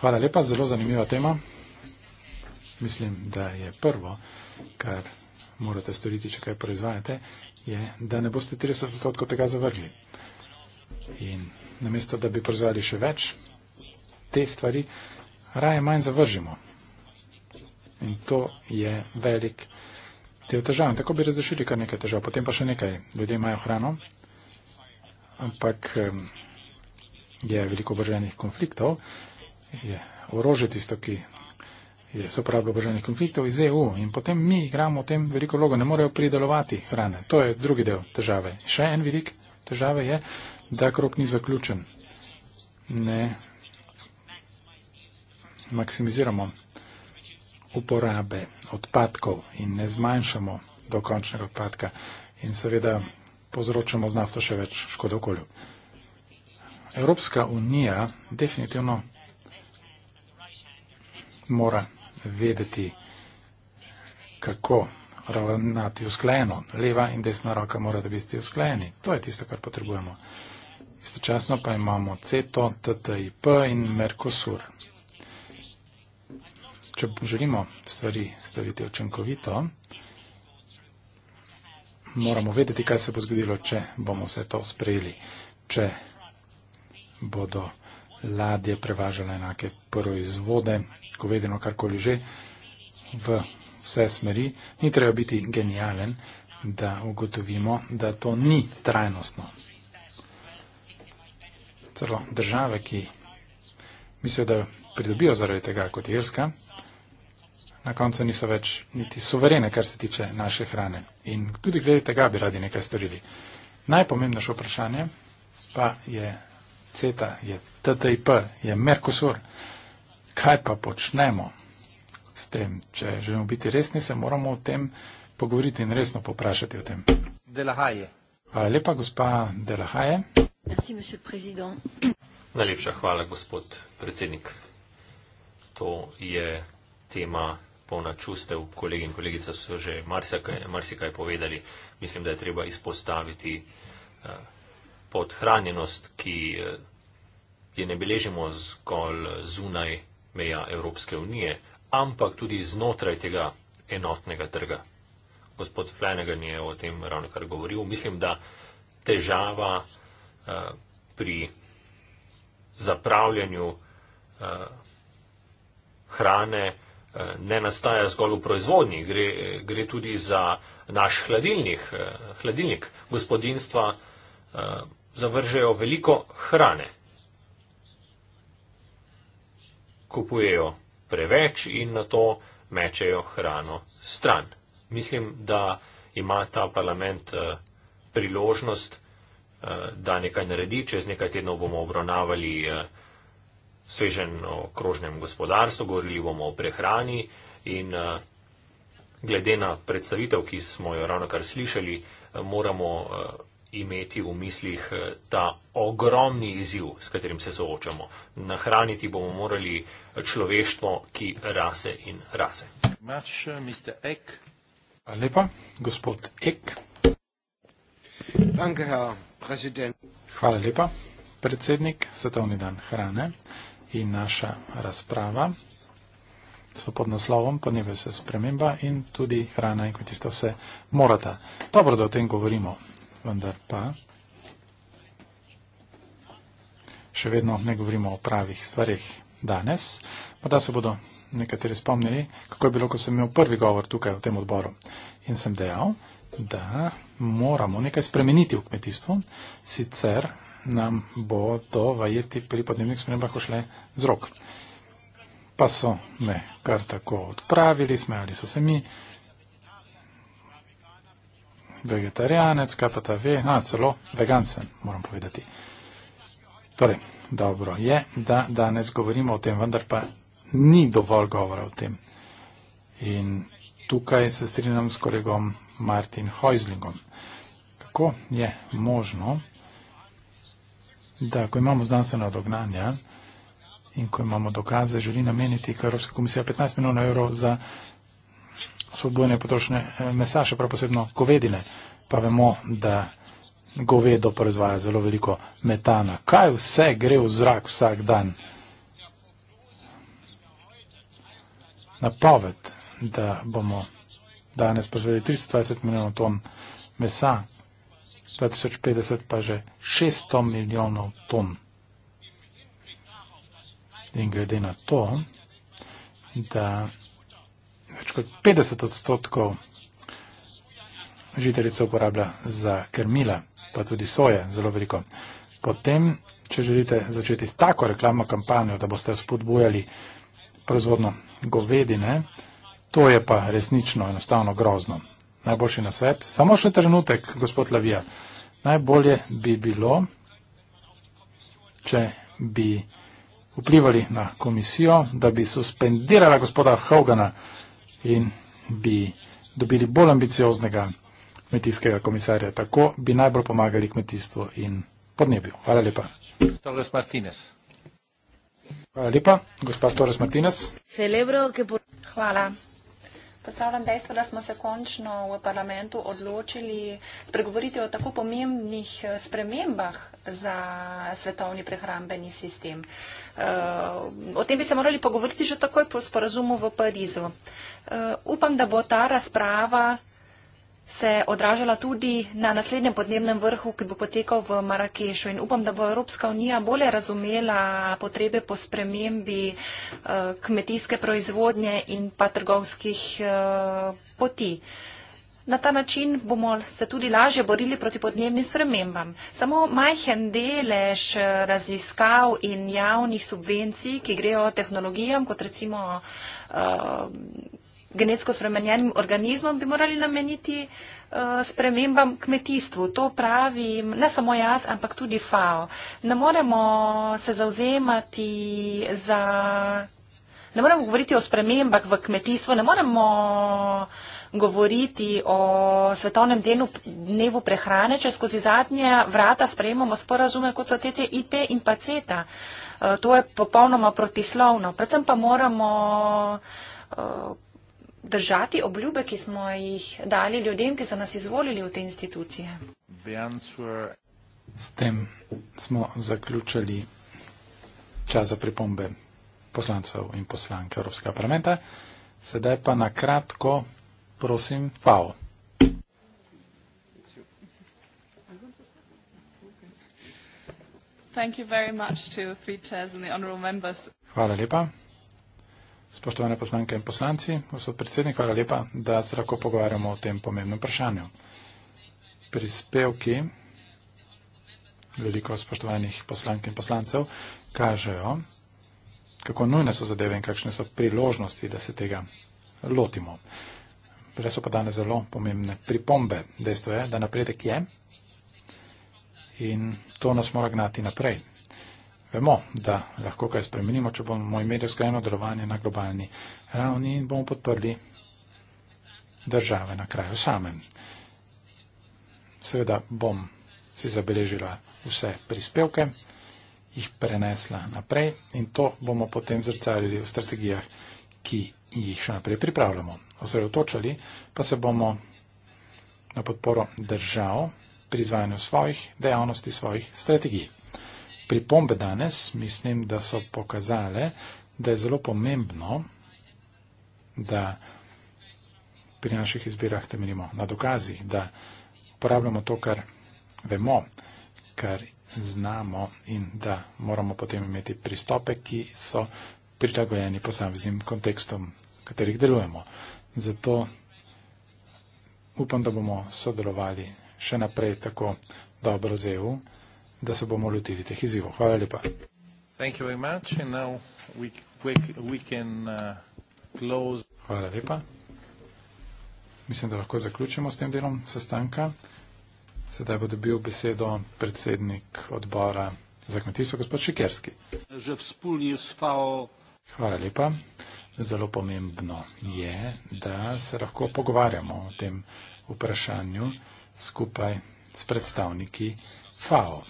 Hvala lepa, zelo zanimiva tema. Mislim, da je prvo, kar morate storiti, če kaj proizvajate, je, da ne boste 30 odstotkov tega zavrgli. In namesto, da bi proizvajali še več te stvari, raje manj zavržimo. In to je velik del težav. In tako bi razrešili kar nekaj težav. Potem pa še nekaj. Ljudje imajo hrano, ampak je veliko oboženih konfliktov. Je orožje tisto, ki je so uporabljali oboženih konfliktov iz EU. In potem mi igramo v tem veliko vlogo. Ne morejo pridelovati hrane. To je drugi del težave. Še en vidik težave je, da krok ni zaključen. Ne maksimiziramo uporabe odpadkov in ne zmanjšamo do končnega odpadka in seveda povzročamo z nafto še več škodo okolju. Evropska unija definitivno mora vedeti, kako ravnati usklajeno. Leva in desna roka mora da biti usklajeni. To je tisto, kar potrebujemo. Istočasno pa imamo CETO, TTIP in Mercosur če želimo stvari staviti očinkovito, moramo vedeti, kaj se bo zgodilo, če bomo vse to sprejeli, če bodo ladje prevažale enake proizvode, govedeno karkoli že, v vse smeri. Ni treba biti genijalen, da ugotovimo, da to ni trajnostno. Celo države, ki mislijo, da pridobijo zaradi tega kot Irska, na koncu niso več niti suverene, kar se tiče naše hrane. In tudi glede tega bi radi nekaj storili. Najpomembnejše vprašanje pa je CETA, je TTIP, je Merkosur. Kaj pa počnemo s tem? Če želimo biti resni, se moramo o tem pogovoriti in resno poprašati o tem. Delahaje. Lepa gospa Delahaje. Najlepša hvala, gospod predsednik. To je tema polna čustev. Kolegi in kolegica so že marsikaj, marsikaj povedali. Mislim, da je treba izpostaviti eh, podhranjenost, ki eh, je ne beležimo zgolj zunaj meja Evropske unije, ampak tudi znotraj tega enotnega trga. Gospod Flanagan je o tem ravno kar govoril. Mislim, da težava eh, pri zapravljanju hrane, Eh, ne nastaja zgolj v proizvodnji, gre, gre tudi za naš eh, hladilnik, hladilnik. Gospodinstva eh, zavržejo veliko hrane, kupujejo preveč in na to mečejo hrano stran. Mislim, da ima ta parlament priložnost, da nekaj naredi. Čez nekaj tednov bomo obravnavali svežen o krožnem gospodarstvu, govorili bomo o prehrani in eh, glede na predstavitev, ki smo jo ravno kar slišali, eh, moramo eh, imeti v mislih ta ogromni izziv, s katerim se soočamo. Nahraniti bomo morali človeštvo, ki rase in rase. Much, Mr. Eck. Hvala lepa, gospod Eck. Danke, Hvala lepa, predsednik Svetovni dan hrane in naša razprava so pod naslovom Podnebje se sprememba in tudi hrana in kmetijstvo se morata. Dobro, da o tem govorimo, vendar pa še vedno ne govorimo o pravih stvarih danes. Morda se bodo nekateri spomnili, kako je bilo, ko sem imel prvi govor tukaj v tem odboru in sem dejal, da moramo nekaj spremeniti v kmetijstvu, sicer nam bo to vajeti pri podnebnih spremembah ošle z rok. Pa so me kar tako odpravili, smejali so se mi. Vegetarijanec, kaj pa ta ve, a celo vegan sem, moram povedati. Torej, dobro je, da danes govorimo o tem, vendar pa ni dovolj govora o tem. In tukaj se strinjam s kolegom Martin Hojzlingom. Kako je možno, da ko imamo znanstvena dognanja in ko imamo dokaze, želi nameniti Evropska komisija 15 milijonov evrov za svobodne potrošnje eh, mesa, še prav posebno govedine. Pa vemo, da govedo proizvaja zelo veliko metana. Kaj vse gre v zrak vsak dan? Napoved, da bomo danes proizvedli 320 milijonov ton mesa, 2050 pa že 600 milijonov ton. In glede na to, da več kot 50 odstotkov žiteljice uporablja za krmila, pa tudi soje, zelo veliko. Potem, če želite začeti s tako reklamno kampanjo, da boste spodbujali proizvodno govedine, to je pa resnično enostavno grozno najboljši na svet. Samo še trenutek, gospod Lavija. Najbolje bi bilo, če bi vplivali na komisijo, da bi suspendirala gospoda Hogana in bi dobili bolj ambicioznega kmetijskega komisarja. Tako bi najbolj pomagali kmetijstvu in podnebju. Hvala lepa. Torres Martinez. Hvala lepa, gospod Torres Martinez. Celebro, ki por... Hvala. Pozdravljam dejstvo, da smo se končno v parlamentu odločili spregovoriti o tako pomembnih eh, spremembah za svetovni prehrambeni sistem. Eh, o tem bi se morali pogovoriti že takoj po sporazumu v Parizu. Eh, upam, da bo ta razprava se odražala tudi na naslednjem podnebnem vrhu, ki bo potekal v Marakešu. In upam, da bo Evropska unija bolje razumela potrebe po spremembi eh, kmetijske proizvodnje in pa trgovskih eh, poti. Na ta način bomo se tudi lažje borili proti podnebnim spremembam. Samo majhen delež eh, raziskav in javnih subvencij, ki grejo tehnologijam, kot recimo uh, genetsko spremenjenim organizmom, bi morali nameniti eh, spremembam kmetijstvu. To pravi ne samo jaz, ampak tudi FAO. Ne moremo se zauzemati za. Ne moremo govoriti o spremembah v kmetijstvu, ne moremo govoriti o svetovnem denu, dnevu prehrane, če skozi zadnja vrata sprejemamo sporazume, kot so TTIP in pa CETA. Eh, to je popolnoma protislovno. Predvsem pa moramo eh, držati obljube, ki smo jih dali ljudem, ki so nas izvolili v te institucije. S tem smo zaključili čas za pripombe poslancev in poslanke Evropskega parlamenta. Sedaj pa na kratko, prosim, FAO. Hvala lepa. Spoštovane poslanke in poslanci, gospod predsednik, hvala lepa, da se lahko pogovarjamo o tem pomembnem vprašanju. Prispevki veliko spoštovanih poslank in poslancev kažejo, kako nujne so zadeve in kakšne so priložnosti, da se tega lotimo. Bile so pa dane zelo pomembne pripombe. Dejstvo je, da napredek je in to nas mora gnati naprej vemo, da lahko kaj spremenimo, če bomo imeli skrajno delovanje na globalni ravni in bomo podprli države na kraju samem. Seveda bom si zabeležila vse prispevke, jih prenesla naprej in to bomo potem zrcalili v strategijah, ki jih še naprej pripravljamo. Osredotočali pa se bomo na podporo držav pri izvajanju svojih dejavnosti, svojih strategij pripombe danes mislim, da so pokazale, da je zelo pomembno, da pri naših izbirah temeljimo na dokazih, da uporabljamo to, kar vemo, kar znamo in da moramo potem imeti pristope, ki so prilagojeni posameznim kontekstom, v katerih delujemo. Zato upam, da bomo sodelovali še naprej tako dobro z EU da se bomo lotili teh izzivov. Hvala lepa. Uh, Hvala lepa. Mislim, da lahko zaključimo s tem delom sestanka. Sedaj bo dobil besedo predsednik odbora za kmetijstvo, gospod Šikerski. Hvala lepa. Zelo pomembno je, da se lahko pogovarjamo o tem vprašanju skupaj s predstavniki FAO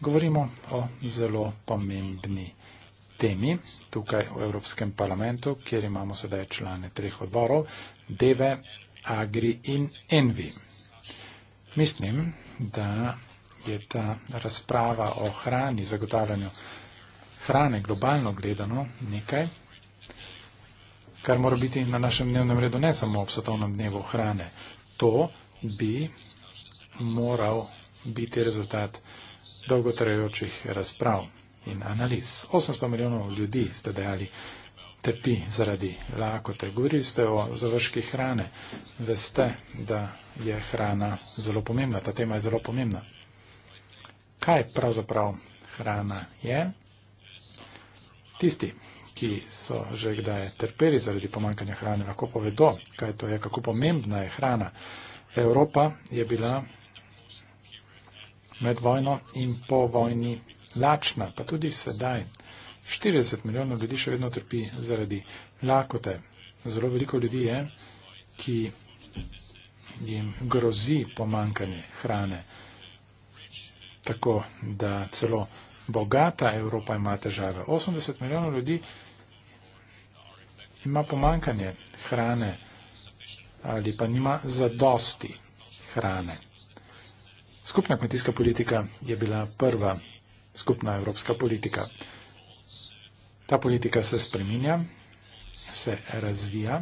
govorimo o zelo pomembni temi tukaj v Evropskem parlamentu, kjer imamo sedaj člane treh odborov, Deve, Agri in Envi. Mislim, da je ta razprava o hrani, zagotavljanju hrane globalno gledano nekaj, kar mora biti na našem dnevnem redu ne samo ob svetovnem dnevu hrane. To bi moral biti rezultat dolgotrajočih razprav in analiz. 800 milijonov ljudi ste dejali trpi zaradi lakote. Govorili ste o završki hrane. Veste, da je hrana zelo pomembna, ta tema je zelo pomembna. Kaj pravzaprav hrana je? Tisti, ki so že kdaj trpeli zaradi pomankanja hrane, lahko povedo, kaj to je, kako pomembna je hrana. Evropa je bila med vojno in po vojni lačna, pa tudi sedaj. 40 milijonov ljudi še vedno trpi zaradi lakote. Zelo veliko ljudi je, ki jim grozi pomankanje hrane. Tako da celo bogata Evropa ima težave. 80 milijonov ljudi ima pomankanje hrane ali pa nima zadosti hrane. Skupna kmetijska politika je bila prva skupna evropska politika. Ta politika se spreminja, se razvija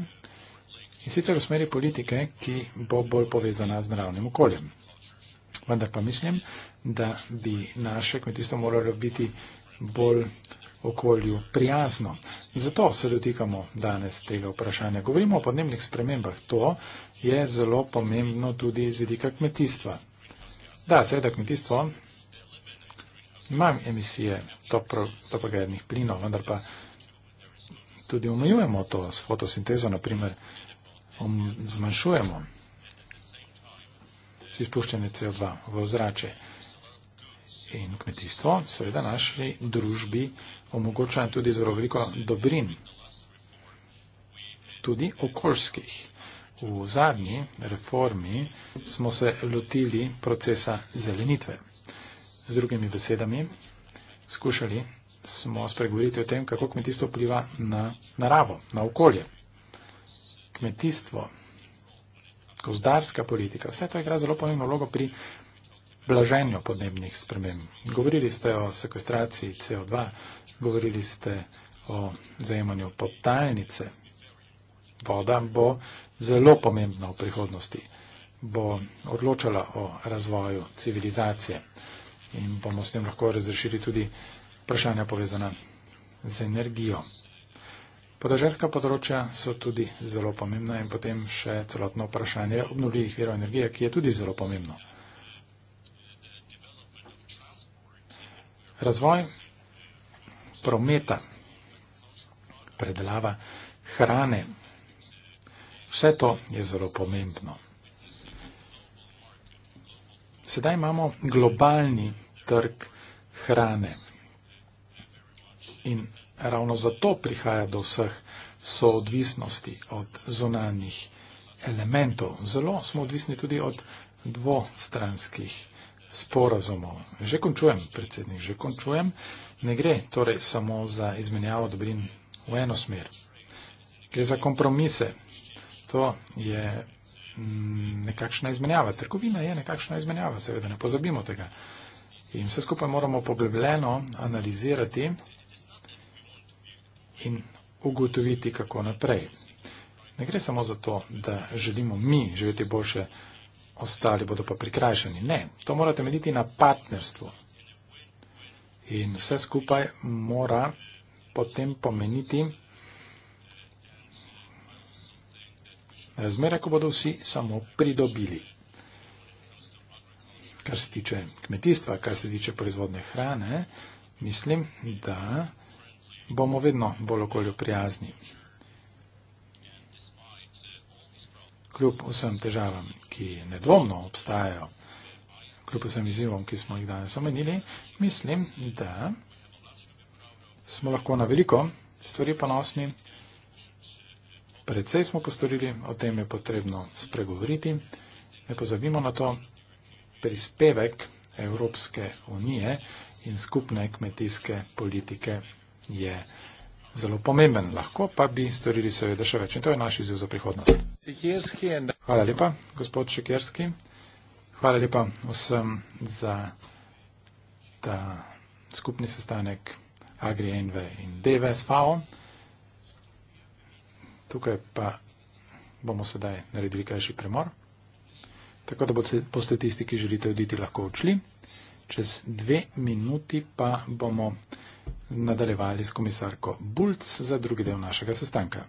in sicer v smeri politike, ki bo bolj povezana z naravnim okoljem. Vendar pa mislim, da bi naše kmetijstvo moralo biti bolj okolju prijazno. Zato se dotikamo danes tega vprašanja. Govorimo o podnebnih spremembah. To je zelo pomembno tudi iz vidika kmetijstva. Da, seveda kmetijstvo ima emisije topro, topogajednih plinov, vendar pa tudi omejujemo to s fotosintezo, naprimer um, zmanjšujemo izpuščanje CO2 v ozrače. In kmetijstvo seveda naši družbi omogoča tudi zelo veliko dobrin, tudi okoljskih. V zadnji reformi smo se lotili procesa zelenitve. Z drugimi besedami, skušali smo spregovoriti o tem, kako kmetijstvo pliva na naravo, na okolje. Kmetijstvo, gozdarska politika, vse to igra zelo pomembno vlogo pri blaženju podnebnih sprememb. Govorili ste o sekvestraciji CO2, govorili ste o zajemanju potalnice. Voda bo zelo pomembna v prihodnosti, bo odločala o razvoju civilizacije in bomo s tem lahko razrešili tudi vprašanja povezana z energijo. Podržavska področja so tudi zelo pomembna in potem še celotno vprašanje obnovljivih virov energije, ki je tudi zelo pomembno. Razvoj prometa, predelava hrane, Vse to je zelo pomembno. Sedaj imamo globalni trg hrane. In ravno zato prihaja do vseh soodvisnosti od zunanjih elementov. Zelo smo odvisni tudi od dvostranskih sporazumov. Že končujem, predsednik, že končujem. Ne gre torej samo za izmenjavo dobrin v eno smer. Gre za kompromise, to je mm, nekakšna izmenjava. Trgovina je nekakšna izmenjava, seveda ne pozabimo tega. In vse skupaj moramo poglobljeno analizirati in ugotoviti, kako naprej. Ne gre samo za to, da želimo mi živeti boljše, ostali bodo pa prikrajšani. Ne, to mora temeljiti na partnerstvu. In vse skupaj mora potem pomeniti, razmere, ko bodo vsi samo pridobili. Kar se tiče kmetijstva, kar se tiče proizvodne hrane, mislim, da bomo vedno bolj okolju prijazni. Kljub vsem težavam, ki nedvomno obstajajo, kljub vsem izzivom, ki smo jih danes omenili, mislim, da smo lahko na veliko stvari ponosni. Predvsej smo postorili, o tem je potrebno spregovoriti. Ne pozabimo na to prispevek Evropske unije in skupne kmetijske politike je zelo pomemben. Lahko pa bi storili seveda še več in to je naš izjiv za prihodnost. Hvala lepa, gospod Šekerski. Hvala lepa vsem za ta skupni sestanek Agri-NV in DVSV tukaj pa bomo sedaj naredili krajši premor. Tako da boste tisti, ki želite oditi, lahko odšli. Čez dve minuti pa bomo nadaljevali s komisarko Bulc za drugi del našega sestanka.